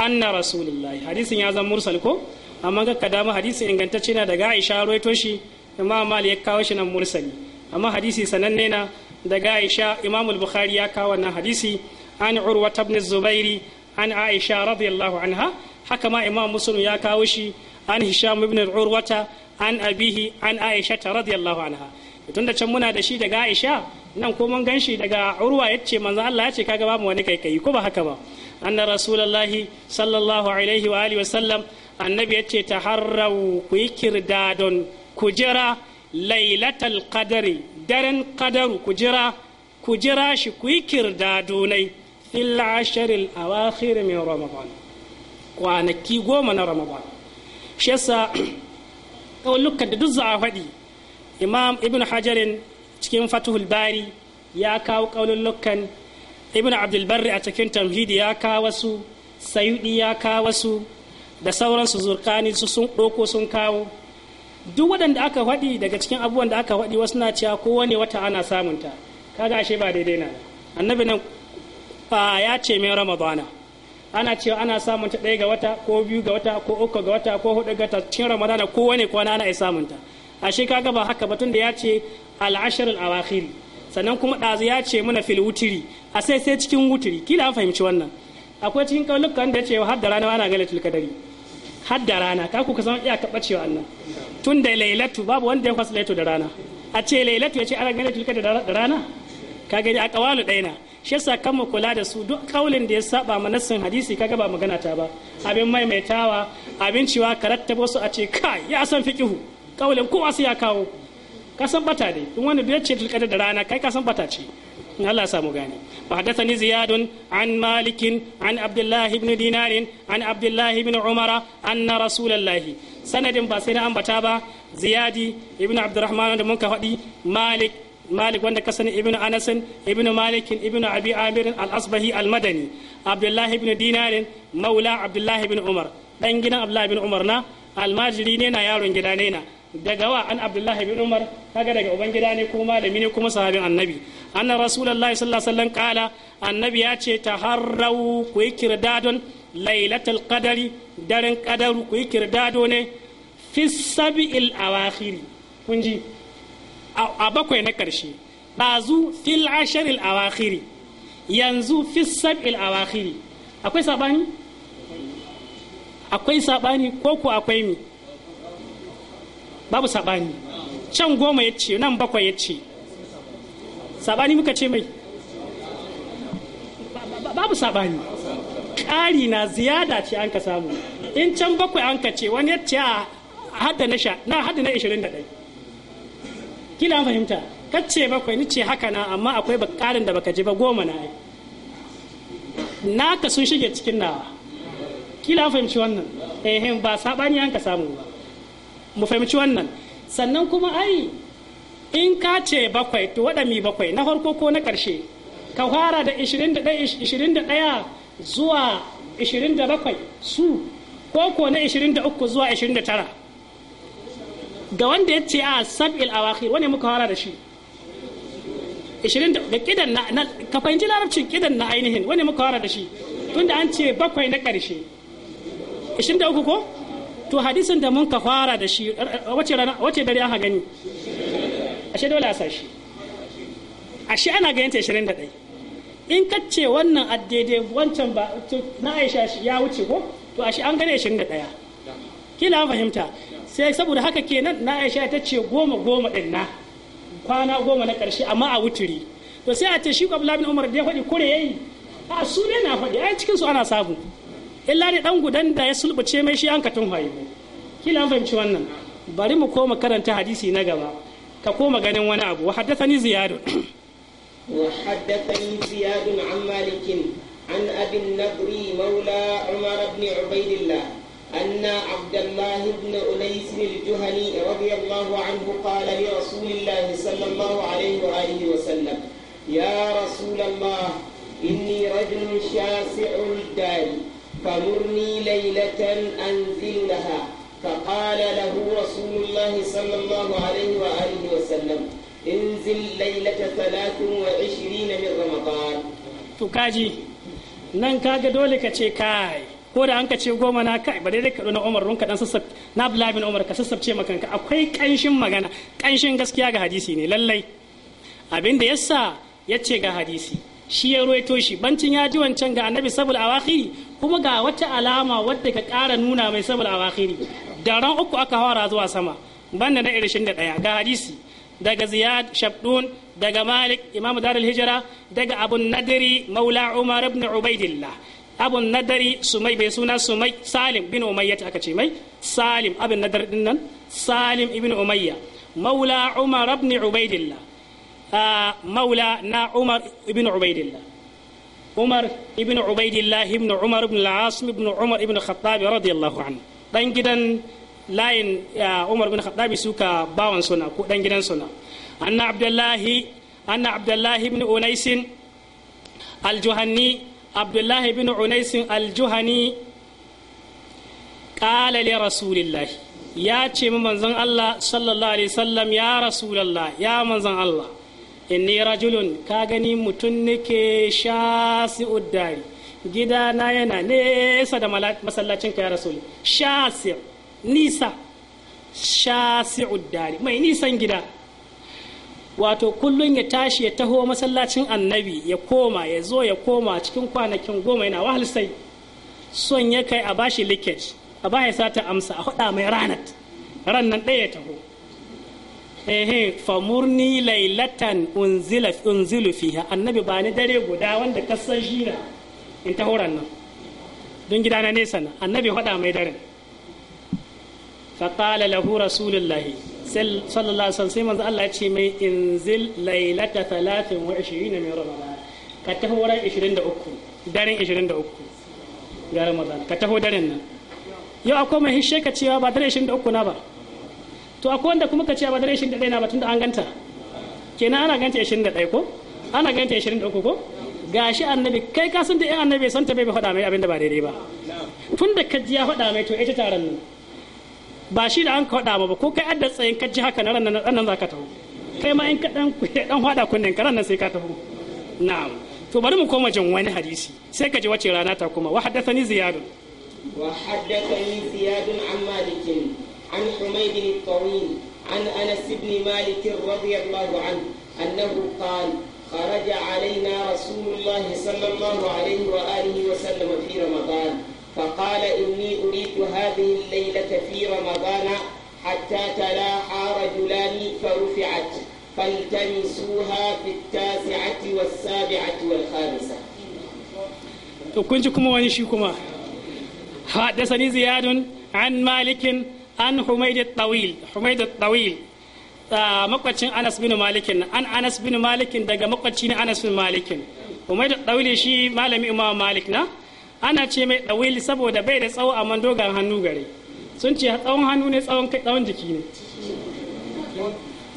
أن رسول الله حديث يا مرسل كو أما كدام حديث إن كنت تشينا دقاء إشارة توشي imam malik ya kawo shi nan mursali amma hadisi sananne na daga aisha imam al-bukhari ya kawo wannan hadisi an urwa ibn zubairi an aisha radiyallahu anha haka ma imam muslim ya kawo shi an hisham ibn urwata an abihi an aisha radiyallahu anha tun da can muna da shi daga aisha nan ko mun ganshi daga urwa yace manzo Allah ya ce kaga babu wani kaikayi ko ba haka ba anna rasulullahi sallallahu alaihi wa alihi wa sallam annabi yace taharrau ku yi kirdadon ku jira lailatal qadari daren qadaru ku jira ku jira shi ku yi kirdadunai fil asharil awakhir min ramadan kwanaki goma na ramadan shi yasa kawai da duk za a faɗi imam ibn hajarin cikin fatuhul bari ya kawo kaulullukan ibn abdulbarri a cikin tamhidi ya kawo wasu sayudi ya kawo wasu da sauransu zurkani su sun ɗoko sun kawo duk waɗanda aka haɗi daga cikin abubuwan da aka faɗi wasu na cewa kowane wata ana samunta kaga ashe ba daidai na annabi nan ya ce mai ramadana ana cewa ana samun ta ɗaya ga wata ko biyu ga wata ko uku ga wata ko hudu ga wata cikin ramadana ko wani kwana ana iya samun ta ashe kaga ba haka batun da ya ce a wakiri sannan kuma ɗazu ya ce mana fili wutiri a sai sai cikin wutiri kila an fahimci wannan akwai cikin kaulukan da ya ce har da rana ana galatul kadari har da rana ka ku iya iyaka bacewa Allah tun da lailatu babu wanda ya kwasa lailatu da rana a ce lailatu ya ce ana ganin tulka da rana ka gani a kawalu ɗaya na shi yasa kan mu kula da su duk kaulin da ya saba ma nassin hadisi kaga ba magana ta ba abin maimaitawa abin ciwa su a ce kai ya san fiqihu kaulin kowa sai ya kawo ka san bata dai in wanda ya ce tulka da rana kai ka san bata ce in Allah samu gani wa ni ziyadun an malikin an abdullahi ibn dinarin an abdullahi ibn umara anna rasulullahi sanadin ba sai na ambata ba ziyadi ibn abdurrahman da mun ka faɗi malik malik wanda ka sani ibn anas ibn malik ibn abi amir al-asbahi al-madani abdullahi ibn dinarin maula abdullahi ibn umar dan gidan abdullahi ibn umar na almajiri ne na yaron gida ne na daga wa an abdullahi bin umar kaga daga ubangida ne kuma malami ne kuma sahabin annabi anna rasulullahi sallallahu alaihi wasallam kala annabi ya ce taharrau ku yi kirdadon lailatul qadari daren qadaru ku yi kirdado ne fi sab'il awakhiri kun ji a bakwai na karshe bazu fil asharil awakhiri yanzu fi sab'il awakhiri akwai sabani akwai sabani ko ko akwai mi babu sabani can goma ya ce nan bakwai ya ce sabani muka ce mai babu sabani ƙari na ziyada ce an ka samu in can bakwai an ka ce wani ya ce a ah, hadda na sha na hadda na 21 kila an fahimta kacce bakwai ni ce haka na amma akwai ƙarin da baka ji ba goma na ai naka sun shige cikin nawa kila an fahimci wannan eh ba sabani an ka samu ba mu fahimci wannan sannan kuma ai in ka ce bakwai to mi bakwai na farko ko na ƙarshe ka fara da 21 zuwa 27 su ko ko na 23 zuwa 29 ga wanda ya ce a sab'il awakhir wane muka fara da shi ka fahimci larabcin kidan na ainihin wane muka fara da shi tunda an ce bakwai na ƙarshe 23 ko to hadisin da mun ka fara da shi er, er, wace dare aka gani ashe dole a sashi ashe ana ganin ta 21 in ka ce wannan addede wancan ba na aisha shi ya wuce ko to ashe an gane 21 kila an fahimta sai saboda haka kenan na aisha ta ce goma goma din na kwana goma na karshe amma a wuturi to sai a ce shi ko bin umar da ya faɗi kure yayi a su ne na faɗi ai cikin su ana sabu illa da dan gudan da ya sulbuce mai shi an ka tun hayu kila an fahimci wannan bari mu koma karanta hadisi na gaba ka koma ganin wani abu wa haddathani ziyad wa haddathani ziyad an malik an abi nadri maula umar ibn ubaidillah anna abdullah ibn ulais أنيس juhani radiyallahu anhu qala li rasulillahi sallallahu صلى wa alihi wa sallam يا رسول الله إني رجل شاسع الدار فمرني ليلة أنزل لها فقال له رسول الله صلى الله عليه وآله وسلم انزل ليلة ثلاث وعشرين من رمضان تكاجي nan kaga dole ka ce kai ko da an ka ce goma na kai ba daidai ka na umar runka dan sassab na abdullahi bin umar ka sassabce makanka akwai kanshin magana kanshin gaskiya ga hadisi ne lallai abin da yasa ce ga hadisi shi ya ruwaito shi bancin ya ji wancan ga annabi sabul awaki kuma ga wacce alama wadda ka ƙara nuna mai a awakhiri da ran uku aka fara zuwa sama banda na irishin da ɗaya ga hadisi daga ziyad shabdun daga malik imamu darul hijira daga abun nadiri maula umar ibn ubaidillah abun nadari sumai bai suna sumai salim bin umayya aka ce mai salim abin nadar din nan salim ibn umayya maula umar ibn ubaidillah ah, maula na umar ibn ubaidillah Umar ibn Ubaidillah ibn Umar ibn al-Asim ibn Umar ibn Khattab radiyallahu anhu dan gidan layin Umar ibn Khattab suka bawan suna ko dan gidan suna anna Abdullahi anna Abdullahi ibn Unais al-Juhanni Abdullahi ibn ya ce mu manzon ya Rasulullah manzon Allah inni rajulun ka gani mutum nake shasi uddari gida na yana nesa da masallacin ka ya rasul shasi nisa shasi uddari mai nisan gida wato kullum ya tashi ya taho masallacin annabi ya koma ya zo ya koma cikin kwanakin goma yana wahal sai son ya kai a bashi liket a bashi sata amsa a hada mai ranat ran nan ɗaya ya taho ehe famurni lailatan unzila unzilu fiha annabi ba ni dare guda wanda ka san shi na in ta horan nan don gida na nesa na annabi faɗa mai daren faqala lahu rasulullahi sallallahu alaihi sai manzo Allah ya ce mai inzil lailata talatin wa 23 min ramadan ka taho ran 23 daren 23 ga ramadan ka taho daren nan yau akwai mai hishe ka cewa ba daren 23 na ba to akwai wanda kuma ka ce ba dare 21 na ba da an ganta kenan ana ganta 21 ko ana ganta 23 ko gashi annabi kai ka san da yan annabi san ta bai faɗa mai abin da ba daidai ba da ka ji ya faɗa mai to ita taron nan ba shi da an ka faɗa ba ko kai adda tsayin ka ji haka na ran nan za ka tafi kai ma in ka dan dan faɗa kunnen ka ran nan sai ka tafi na'am to bari mu koma jin wani hadisi sai ka ji wace rana ta kuma wa haddathani ziyadun wa haddathani ziyadun an malikin عن حميد الطويل عن أنس بن مالك رضي الله عنه أنه قال خرج علينا رسول الله صلى الله عليه وآله وسلم في رمضان فقال إني أريد هذه الليلة في رمضان حتى تلاحى رجلان فرفعت فالتمسوها في التاسعة والسابعة والخامسة to kun ji kuma wani shi kuma haddasani ziyadun an malikin an humaid tawil humaid tawil ah, makwacin anas bin malikin an anas bin malikin daga makwacin anas bin malikin humaid tawil shi malami imam malik na ana ce mai tawil saboda bai da tsawo amma dogon hannu gare sun ce tsawon hannu ne tsawon kai tsawon jiki ne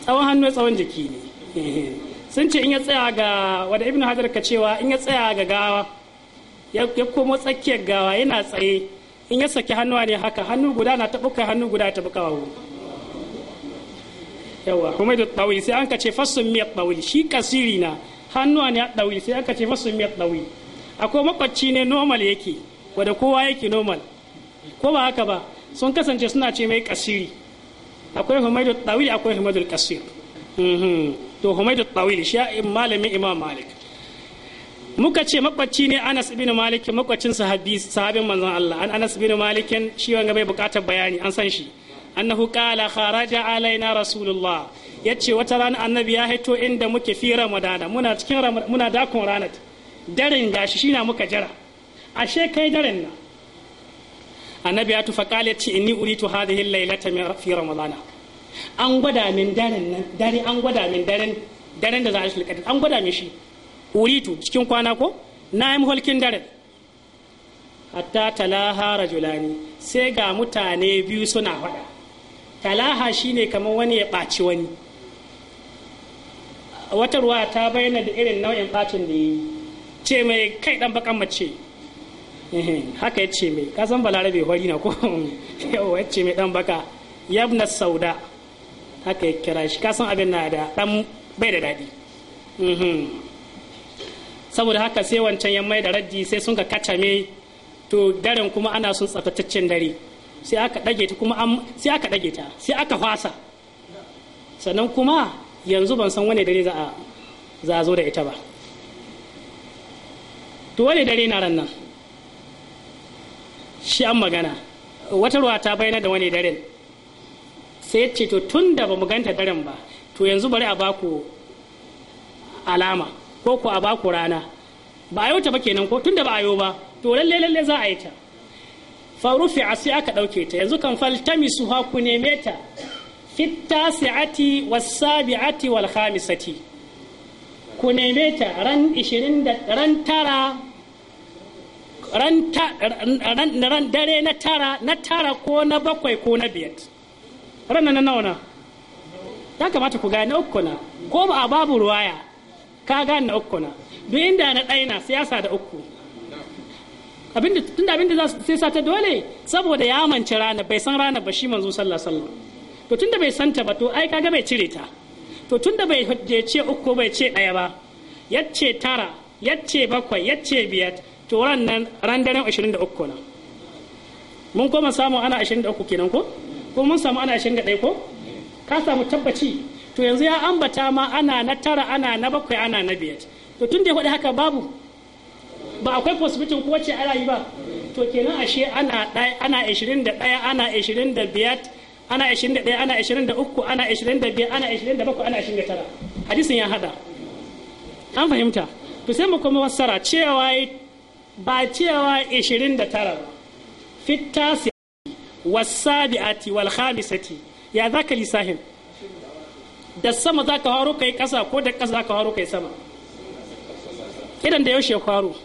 tsawon hannu ne tsawon jiki ne eh, sun ce in ya tsaya ga wanda ibnu hajar ka cewa in ya tsaya ga gawa ya komo tsakiyar gawa yana tsaye in ya saki hannuwa ne haka hannu guda na taɓuka hannu guda ta taɓuka wawu yawa kuma da ɗawi sai an ka ce fassun miyar ɗawi shi kasiri na hannuwa ne a ɗawi sai an ka ce fassun miyar ɗawi akwai makwacci ne normal yake wadda kowa yake normal ko ba haka ba sun kasance suna ce mai kasiri akwai humaidu ɗawil akwai humaidu kasir mhm. to humaidu ɗawil shi malamin imam malik muka ce makwacci ne Anas ibn Malik makwacin sahabi sahabin manzon Allah an Anas ibn Malik shi wanga bai bukatar bayani an san shi annahu qala kharaja alaina rasulullah yace wata rana annabi ya haito inda muke fi ramadana muna cikin muna dakon ranar daren gashi shina muka jira ashe kai daren na annabi ya tufa qala yace inni uritu hadhihi laylata fi ramadana an gwada min daren nan dare an gwada min daren daren da za a shi an gwada min shi uritu cikin kwana ko na yi mulkin dare hatta talaha rajulani sai ga mutane biyu suna faɗa talaha shine kamar wani ya ɓaci wani wata ruwa ta bayyana da irin nau'in ɓacin da yi ce mai kai ɗan bakan mace haka ya ce mai kasan balarabe hori na ko ya ce mai dan baka yabna sauda haka ya kira shi kasan abin na da ɗan bai da daɗi saboda haka sai wancan ya mai da raddi sai sun ka kacame to daren kuma ana sun tsafataccen dare sai aka dage ta kuma sai aka dage ta sai aka fasa sannan kuma yanzu ban san wani dare za a za a zo da ita ba to wani dare na ran nan shi an magana wata ruwa ta bayyana da wani daren sai ce to tun da ba mu ganta daren ba to yanzu bari a baku alama ko ku a ba ku rana ba a yauta ba kenan ko tunda ba a yi ba to lalle lalle za a yi ta fa rufi'a sai aka dauke ta yanzu kan faltamisu ha ku neme ta fit tasi'ati was sabi'ati wal khamisati ku neme ta ran 20 ran tara ran, ran, dare na tara na tara ko na bakwai ko na biyar ran na nauna ya kamata ku gane uku na ko ba a babu ruwaya ka gane na uku na duk inda na ɗaya na siyasa da uku abinda tunda abinda za sai sata dole saboda ya mance rana bai san rana ba shi manzo sallah sallah to tunda bai santa ba to ai kaga bai cire ta to tunda bai ce uku bai ce ɗaya ba yacce tara yacce bakwai yacce biyar to ran nan ran daren 23 na mun koma samu ana 23 kenan ko ko mun samu ana 21 ko ka samu tabbaci to yanzu ya ambata ma ana na tara ana na bakwai ana na biyar to tun da ya faɗi haka babu ba akwai fosfitin ko wacce ana yi ba to kenan ashe ana ɗaya ana da 21 ana da ɗaya ana da uku ana da biyar ana da bakwai ana 27 ana tara hadisin ya hada an fahimta to sai mu kuma fassara cewa ba cewa 29 ba fit wasabi wasabi'ati wal khamisati ya zaka lisahin da sama za ka haro kai kasa ko da kasa za ka haro kai sama idan da yaushe faro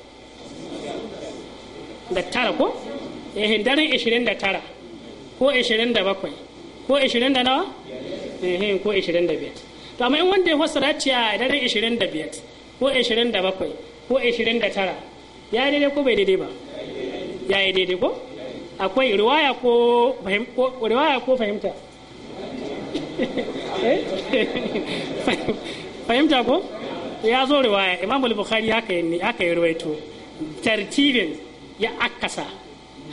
da tara ko ehin daren 29 ko 27 ko 20 da nawa ehin ko 25 to amma in wanda ya fassara ce a daren 25 ko 27 ko 29 ya daidai ko bai daidai ba ya yi daidai ko akwai riwaya ko fahimta Eh? fahimta ko ya zo riwaya imam bukhari haka yi ya rawaito tartibin ya akasa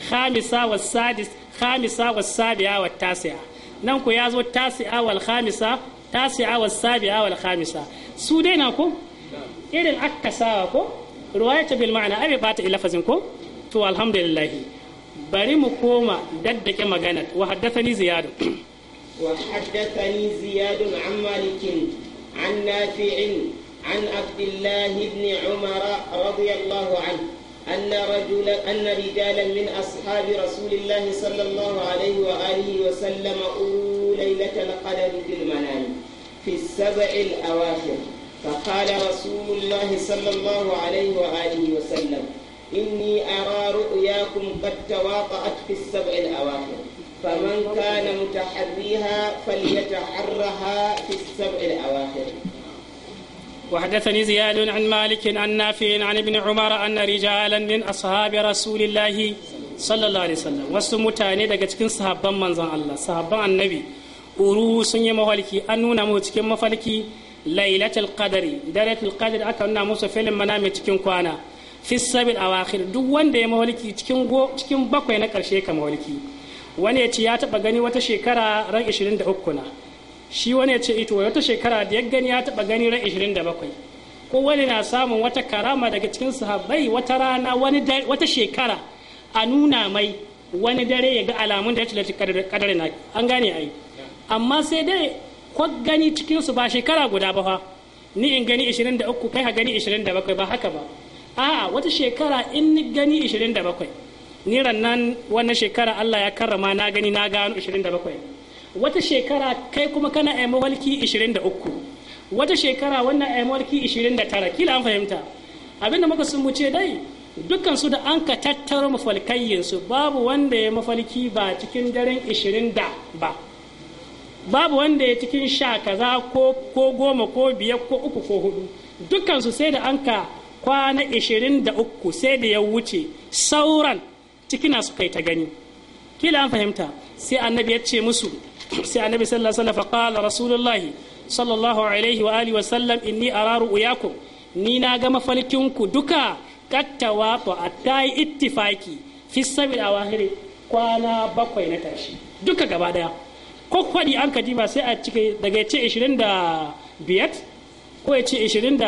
khamisa wa sadis khamisa wa sabi'a wa tasi'a nan ko ya zo tasi'a wal khamisa tasi'a wa sabi'a wal khamisa su dai na ko irin akasawa ko ta bil ma'ana abi bata ilafazin ko to alhamdulillah bari mu koma daddake magana wa haddathani ziyadu وحدثني زياد عن مالك عن نافع عن عبد الله بن عمر رضي الله عنه أن رجلا أن رجالا من أصحاب رسول الله صلى الله عليه وآله وسلم ليلة القدر في المنام في السبع الأواخر فقال رسول الله صلى الله عليه وآله وسلم إني أرى رؤياكم قد تواطأت في السبع الأواخر فمن كان متحريها فليتحرها في السبع الأواخر وحدثني زياد عن مالك عن نافع عن ابن عمر أن رجالا من أصحاب رسول الله صلى الله عليه وسلم وسمتاني daga cikin sahabban manzon Allah sahabban annabi uru sun yi mafalki an nuna mu cikin mafalki lailatul qadari daratul qadari aka nuna musu filin manami cikin kwana fi sabil awakhir duk wanda ya mafalki cikin cikin bakwai na karshe ka mafalki wani ya ce ya taɓa gani wata shekara ran 23 na shi wani ya ce ito wata shekara da ya gani ya taɓa gani ran 27 ko wani na samun wata karama daga cikin sahabbai wata rana wata shekara a nuna mai wani dare ya ga alamun da ya tilata kadar na an gane ai amma sai dai ko gani cikin su ba shekara guda ba fa ni in gani 23 kai ka gani 27 ba haka ba a'a wata shekara in ni gani 27 ni nan wannan shekara Allah ya karrama na gani na gano 27 wata shekara kai kuma kana ai mawalki 23 wata shekara wannan ai mawalki 29 kila an fahimta abinda muka sun muce dai dukkan su da an ka tattaro mafalkayyin su babu wanda ya mafalki ba cikin daren 20 ba babu wanda ya cikin sha kaza ko ko goma ko biyar ko uku ko hudu dukkan su sai da an ka kwana 23 sai da ya wuce sauran cikina su kai ta gani kila an fahimta sai annabi ya ce musu sai annabi sallallahu alaihi wasallam qala rasulullahi sallallahu alaihi wa alihi wasallam inni araru uyakum ni na ga ku duka kattawa to ta ittifaki fi sabil awahiri kwana bakwai na tashi duka gaba daya ko kwadi an kadima sai a cike daga ya ce 25 ko ya ce 27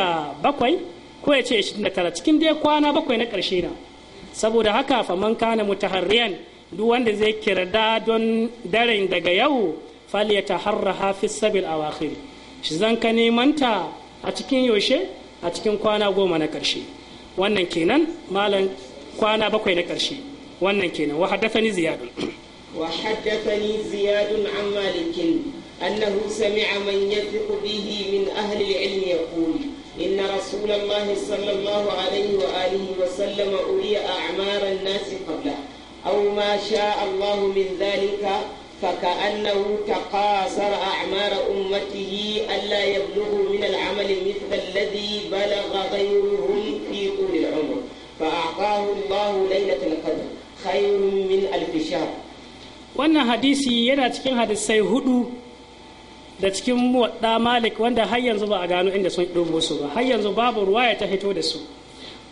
ko ya ce 29 cikin dai kwana bakwai na karshe na saboda haka faman kana mutaharriyan duk wanda zai kirda don daren daga yau fal ya taharra hafi sabil awakhir shi zan ka nemanta a cikin yaushe a cikin kwana goma na karshe wannan kenan malam kwana bakwai na karshe wannan kenan wa haddathani ziyadun wa haddathani ziyadun an malikin annahu sami'a man yafiqu bihi min ahli al-ilm yaqulu إن رسول الله صلى الله عليه وآله وسلم أولي أعمار الناس قبله أو ما شاء الله من ذلك فكأنه تقاصر أعمار أمته ألا يبلغوا من العمل مثل الذي بلغ غيرهم في طول العمر فأعطاه الله ليلة القدر خير من ألف شهر wannan hadisi yana cikin hadisai hudu da cikin da malik wanda har yanzu ba a gano inda sun ɗobo su ba har yanzu babu ruwa ya ta fito da su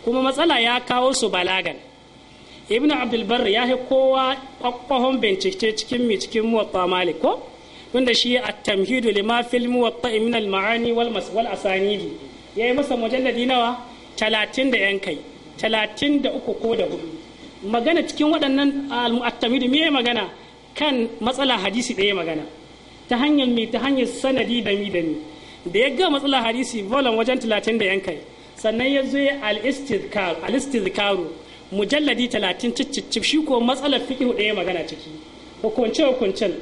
kuma matsala ya kawo su balagan ibn abdulbar ya yi kowa kwakwahon bincike cikin mi cikin muwatta malik ko wanda shi a tamhidu lima fil muwatta min al ma'ani wal wal asanidi yayi masa mujalladi nawa talatin da yan kai talatin ko da hudu magana cikin waɗannan al muattamidi me magana kan matsala hadisi ɗaya magana ta hanyar mai ta hanyar sanadi da mi da mi da ya ga matsala hadisi volon wajen talatin da yankai sannan ya zo ya al mujalladi talatin cicicif shi ko matsalar fiƙi ya magana ciki hukunce hukuncen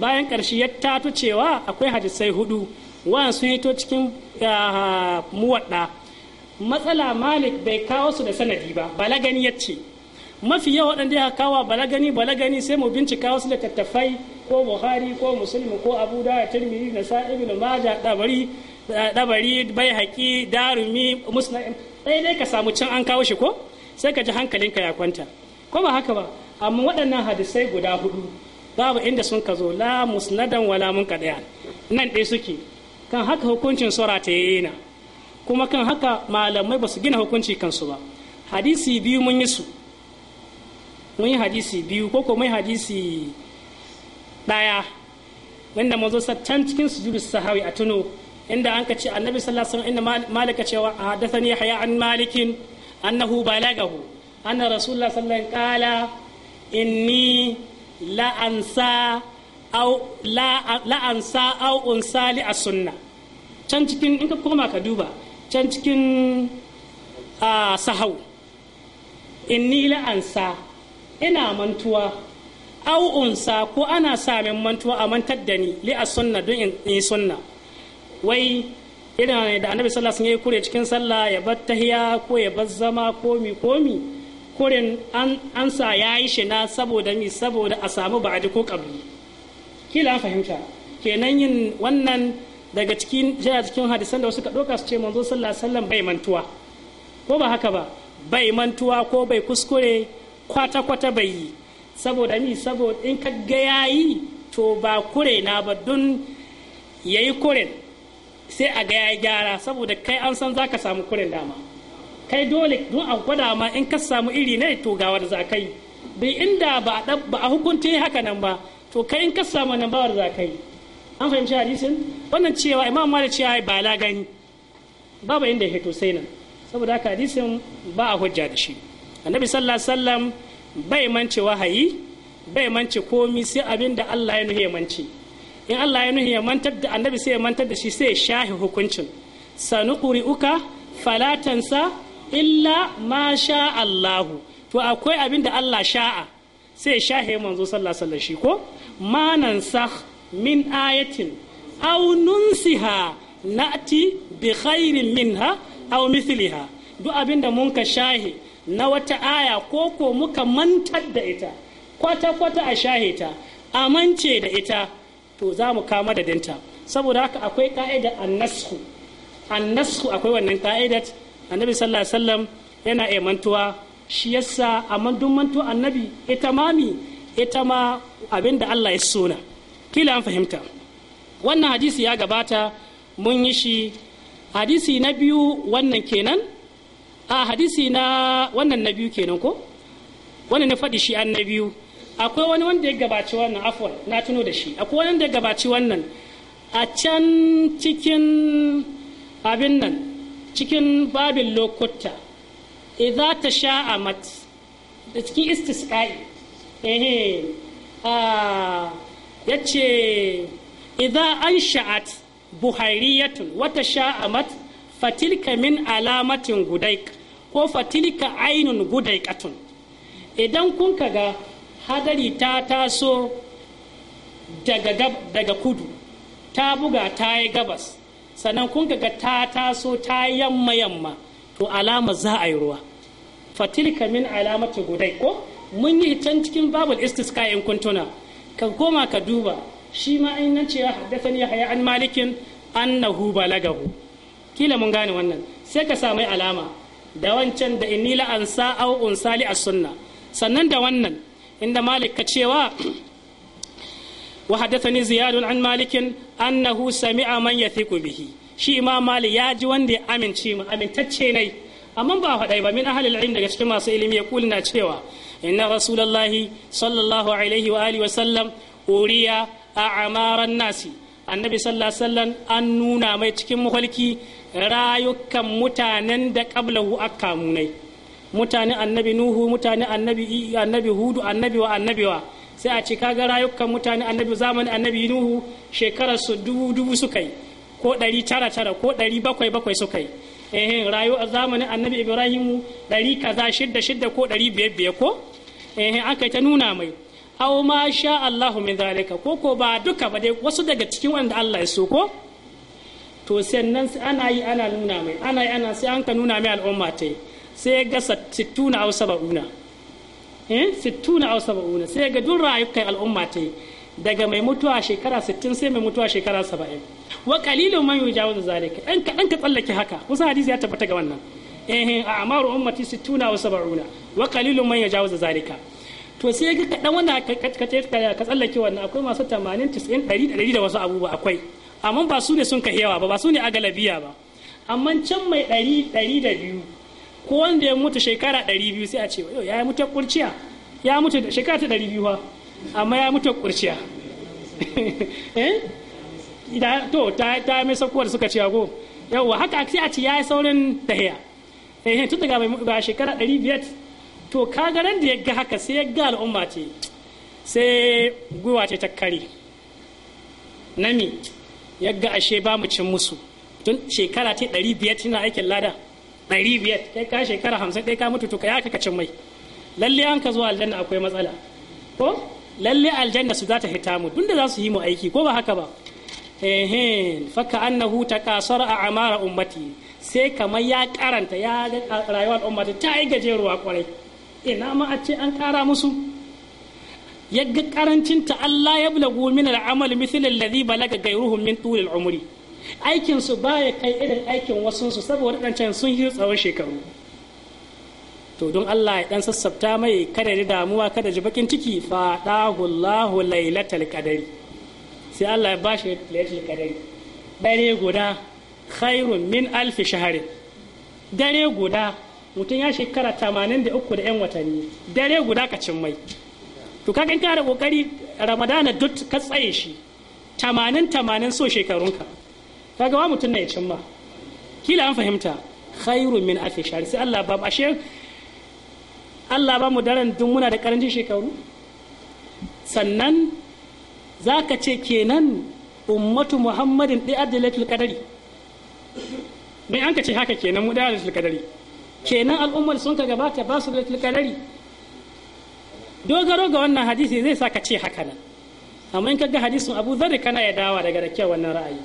bayan ƙarshe ya tato cewa akwai hadisai hudu wa'an sun hito cikin ah, muwaɗa matsala malik bai kawo su da sanadi ba balagani ya ce mafi yawa waɗanda ya a balagani balagani sai mu bincika wasu littattafai ko buhari ko musulmi ko abu da tirmidhi na sa'ibi na maja dabari dabari bai haƙi darumi musulmi ɗaya dai ka samu can an kawo shi ko sai ka ji hankalinka ya kwanta ko ba haka ba amma waɗannan hadisai guda hudu babu inda sun ka zo la musnadan wala mun ɗaya nan ɗaya suke kan haka hukuncin sura ta yana kuma kan haka malamai ba su gina hukunci kansu ba hadisi biyu mun yi su mun yi hadisi biyu ko ko mun yi hadisi daya wanda mazo sa can cikin sujudu sahawi a tuno inda an kace annabi sallallahu alaihi wasallam inda malika cewa hadathani haya an malikin annahu balagahu anna rasulullah sallallahu alaihi qala inni la ansa aw la la ansa aw unsa li as-sunnah can cikin in ka koma ka duba can cikin ah, sahau inni la ansa ina mantuwa au unsa ko ana samun mantuwa a mantar da ni li a sunna don in yi sunna wai irin da annabi sallallahu alaihi kure cikin sallah ya bar tahiya ko ya bar zama komi komi kurin an sa ya yi shi na saboda mi saboda a samu ba'adi ko kabli kila an fahimta kenan yin wannan daga cikin jira cikin hadisan da wasu ka doka su ce manzo sallallahu alaihi wasallam bai mantuwa ko ba haka ba bai mantuwa ko bai kuskure kwata-kwata bai yi saboda mi saboda in ka ga yi to ba kure na ba don ya yi kure sai a ga ya gyara saboda kai an san za ka samu kuren dama kai dole don a gwada ma in ka samu iri ne to ga wanda za yi bai inda ba a ba a hukunta haka nan ba to kai in ka samu nan ba wanda za yi an fahimci hadisin wannan cewa imam malik cewa ba lagani gani babu inda ya fito sai nan saboda haka hadisin ba a hujja da shi annabi sallallahu alaihi wasallam bai mance wahayi bai mance komi sai abin da Allah ya nuhi ya mance in Allah ya nuhi ya mantar da annabi sai ya mantar da shi sai ya shahi hukuncin sanuquri uka falatansa illa ma sha Allahu to akwai abin da Allah sha'a sai ya shahe manzo sallallahu alaihi wasallam shi ko ma nansakh min ayatin aw nunsiha na'ti bi khairin minha aw mithliha duk abin da mun ka shahe na wata aya ko ko muka mantar da ita kwata-kwata a shahe ta amince da ita to za mu kama da dinta saboda haka akwai ka'idar annasku annasku akwai wannan ka'idar annabi sallallahu alaihi wasallam yana iya mantuwa shi yasa amma duk mantuwa annabi ita mami ita ma abin da Allah ya sona kila an fahimta wannan hadisi ya gabata mun yi shi hadisi na biyu wannan kenan a hadisi na wannan na biyu kenan ko wannan na faɗi shi an na biyu akwai wani wanda ya gabaci wannan afwan na tuno da shi akwai wani wanda ya gabaci wannan a can cikin abin nan cikin babin lokuta idza ta sha mat da cikin istisqa'i ehe a yace idza ansha'at buhariyatun wata sha'amat fatilka min alamatin gudaik ko fatilka ainun gudai katun idan kun ga hadari ta taso daga, kudu ta buga ta yi gabas sannan kun ga ta taso ta yamma yamma to alama za a yi ruwa fatilka min alamatu gudai ko mun yi can cikin babul istiska in kuntuna ka goma ka duba shi ma yi nan cewa haddathani haya an malikin annahu balagahu kila mun gane wannan sai ka samai alama da wancan da inni la ansa au sali as sunna sannan da wannan inda malik ka cewa wa hadathani ziyad an malik annahu sami'a man yathiqu bihi shi imam malik ya ji wanda ya amince mu amintacce ne amma ba faɗai ba min ahlul ilm daga cikin masu ilimi ya kulina cewa inna rasulullahi sallallahu alaihi wa alihi wa sallam uriya a amaran nasi annabi sallallahu alaihi an nuna mai cikin muhalki rayukan mutanen da qablahu akamunai mutane annabi nuhu mutane annabi annabi hudu annabi wa annabi wa sai a ce kaga rayukan mutane annabi zamanin annabi nuhu shekarar su dubu dubu suka yi ko ɗari tara tara ko ɗari bakwai bakwai suka yi eh a zamanin annabi ibrahim ɗari kaza shidda shidda ko ɗari biyar biyar ko eh aka ta nuna mai aw ma sha Allahu min zalika ko ko ba duka ba dai wasu daga cikin wanda Allah ya so ko to sannan ana yi ana nuna mai ana yi ana sai an ka nuna mai al'umma ta yi sai ya ga sittuna au ba'una situna eh, sittuna au ba'una sai ya ga duk rayukan al'umma ta yi daga mai mutuwa shekara sittin sai mai mutuwa shekara saba'in wa qalilun man da zalika ɗan kaɗan ka tsallake haka kusa hadisi ya tabbata ga wannan eh a amaru ummati sittuna au saba'una wa qalilun man da zalika to sai ga kaɗan wanda ka tsallake wannan akwai masu tamanin 90 ɗari da wasu abubuwa akwai amma ba su ne sun ka yawa ba ba su ne agalabiya ba amma can mai ɗari ɗari da biyu ko wanda ya mutu shekara ɗari biyu sai a ce yau ya mutu kurciya ya mutu shekara ta ɗari biyu amma ya mutu kurciya eh? to ta mai sakuwar suka ce ko yawa haka sai a ce ya yi saurin tahiya eh tun daga mai shekara ɗari biyar to kaga ran da ya ga haka sai ya ga al'umma ce sai gwiwa ce ta kare nami yadda ashe ba mu cin musu tun shekara ta ɗari biyar tana aikin lada ɗari biyar kai ka shekara hamsin kai ka mutu to ya cin mai lalle an ka zuwa aljanna akwai matsala ko lalle aljanna su za ta hita mu tunda za su yi mu aiki ko ba haka ba ehin faka annahu taqasara a amara ummati sai kamar ya karanta ya ga rayuwar ummati ta yi gajeruwa kwarai ina ma a ce an kara musu yaga karancin ta Allah ya bulagu min al'amal misal alladhi balaga gairuhum min tulil umri aikin su baya kai irin aikin wasu su saboda can sun yi tsawon shekaru to don Allah ya dan sassafta mai kada da damuwa kada ji bakin ciki fa dahu Allahu lailatul qadari sai Allah ya bashi lailatul qadari dare guda khairun min alf shahr dare guda mutum ya shekara 83 da 'yan watanni dare guda kacin mai to kaga ka da kokari ramadana duk ka tsaye shi tamanin tamanin so shekarunka kaga wa mutum na ya cimma kila an fahimta khairun min alfi shari sai Allah ba ashe Allah ba mu daren duk muna da karancin shekaru sannan za ka ce kenan ummatu muhammadin ɗaya da laifin kadari don an ka ce haka kenan mu ɗaya da laifin kadari kenan al'ummar sun ka gabata ba su da laifin kadari dogaro ga wannan hadisi zai sa ka ce haka nan amma in kaga hadisin Abu zari kana ya dawa daga rakiya wannan ra'ayi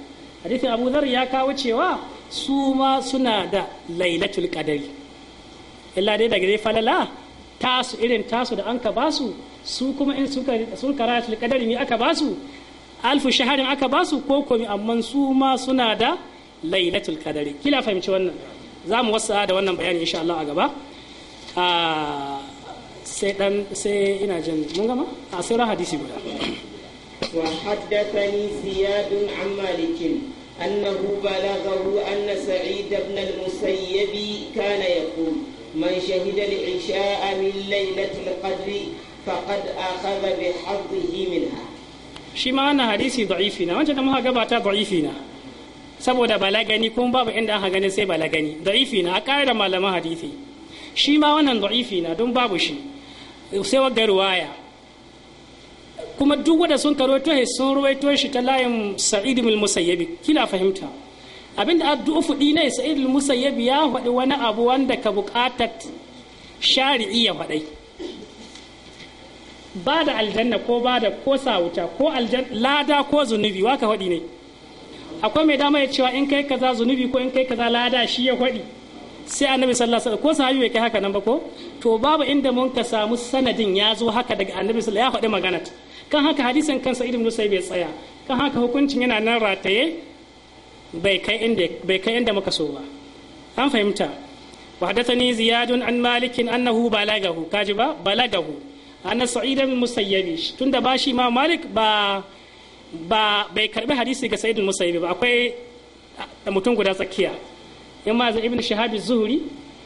hadisin Abu zari ya kawo cewa su ma suna da lailatul qadari illa dai daga dai falala tasu irin tasu da an ka basu su kuma in suka sun karatul kadari mi aka basu alfu shaharin aka basu ko komi amma su ma suna da lailatul qadari kila fahimci wannan za mu wasa da wannan bayani insha Allah a gaba ah, sai dan sai ina jin mun gama a sauran hadisi guda wa haddathani ziyad an malik annahu balaghahu anna sa'id ibn al-musayyib kana yaqul man shahida al-isha'a min laylati al-qadr faqad akhadha bi hadhihi minha shi ma wannan hadisi da'ifi na wancan da muka gabata da'ifi na saboda balagani kuma babu inda aka gani sai balagani da'ifi na a da malaman hadisi shi ma wannan da'ifi na don babu shi sai wagga ruwaya kuma duk wanda sun karoto shi sun ruwaito shi ta layin sa'id bin musayyabi kila fahimta abinda addu'ufu ne sa'id bin musayyabi ya faɗi wani abu wanda ka bukatar shari'i ya faɗai ba da aljanna ko ba da ko wuta ko lada ko zunubi waka faɗi ne akwai mai dama ya cewa in kai kaza zunubi ko in kai kaza lada shi ya faɗi sai annabi sallallahu alaihi wasallam ko sahabi bai kai haka nan ba ko to babu inda mun ka samu sanadin ya zo haka daga annabi sallallahu ya faɗi magana kan haka hadisin kansa idan ya bai tsaya kan haka hukuncin yana nan rataye bai kai inda bai kai inda muka so ba an fahimta وحدثني زياد عن مالك أنه بلغه كاجبا بلغه أن سعيد بن المسيب تند باشي ما مالك با ba bai karbi hadisi ga sayyidul musayyib ba akwai mutum guda tsakiya in ma zan ibn shahab zuhuri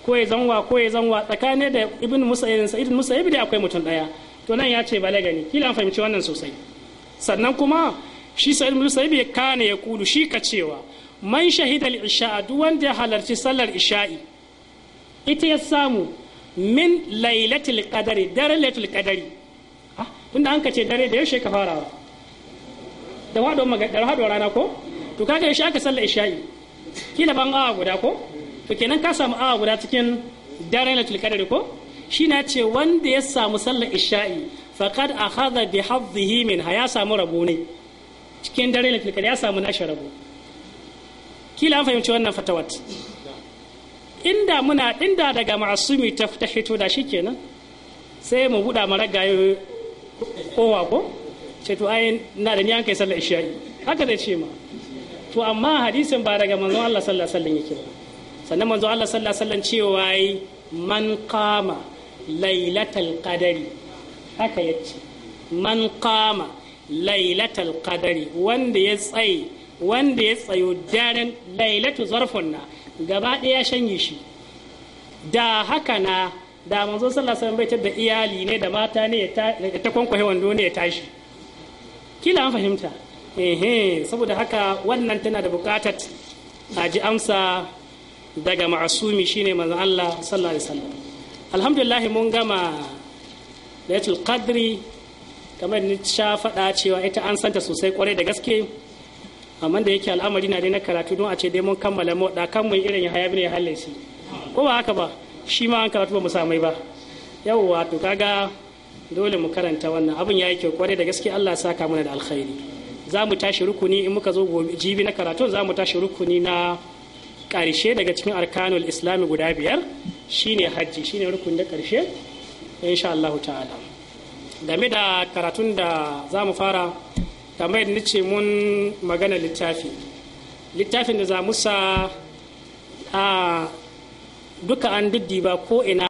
ko ya zanwa ko ya zanwa tsakanin da ibn musayyib sa'id musayyib da akwai mutum daya to nan ya ce la gani kila an fahimci wannan sosai sannan kuma shi sa'id musayyib ya kana ya kulu shi ka cewa man shahida al-isha'a duk wanda ya halarci sallar isha'i ita ya samu min lailatul qadari dare lailatul qadari ah, tunda an ka ce dare da yaushe ka farawa da wado da rana ko to kaga yaushe aka sallar isha'i kila ban awa guda ko to kenan ka samu awa guda cikin daren lailatul qadr ko shi na ce wanda ya samu sallar isha'i faqad akhadha bi hadhihi min ya samu rabo ne cikin daren lailatul qadr ya samu nashi rabo kila an fahimci wannan fatawat inda muna inda daga ma'asumi ta fita fito da shi kenan sai mu buɗa mara gayo kowa ko ce to ai na da ni an kai sallar isha'i haka zai ce ma to amma hadisin ba daga manzon Allah sallallahu alaihi wasallam yake ba sannan manzon Allah sallallahu alaihi wasallam cewa yi man qama lailatal qadari haka yace man qama lailatal qadari wanda ya tsaye wanda ya tsayo daren lailatu zarfun na gaba ɗaya shanye shi da haka na da manzo sallallahu alaihi wasallam bai da iyali ne da mata ne ya ta kwankwahe wando ne ya tashi kila an fahimta saboda haka wannan tana da bukatar a ji amsa daga ma'asumi shine manzon Allah sallallahu alaihi wasallam alhamdulillah mun gama lailatul qadri kamar ni sha faɗa cewa ita an santa sosai kwarai da gaske amma da yake al'amari na dai na karatu don a ce dai mun kammala mu da kan mun irin ya hayabi ne ya halle shi ko ba haka ba shi ma an karatu ba mu samai ba yawwa to kaga dole mu karanta wannan abin yi kyau kwarai da gaske Allah ya saka mana da alkhairi za mu tashi rukuni in muka zo jibi na karatun za mu tashi rukuni na karshe daga cikin arkanul islami guda biyar shine hajji shine rukuni da ƙarshe sha Allah ta'ala game da karatun da za mu fara kamar yadda nace mun magana littafi littafin da za mu sa a duka an duddiba ko ina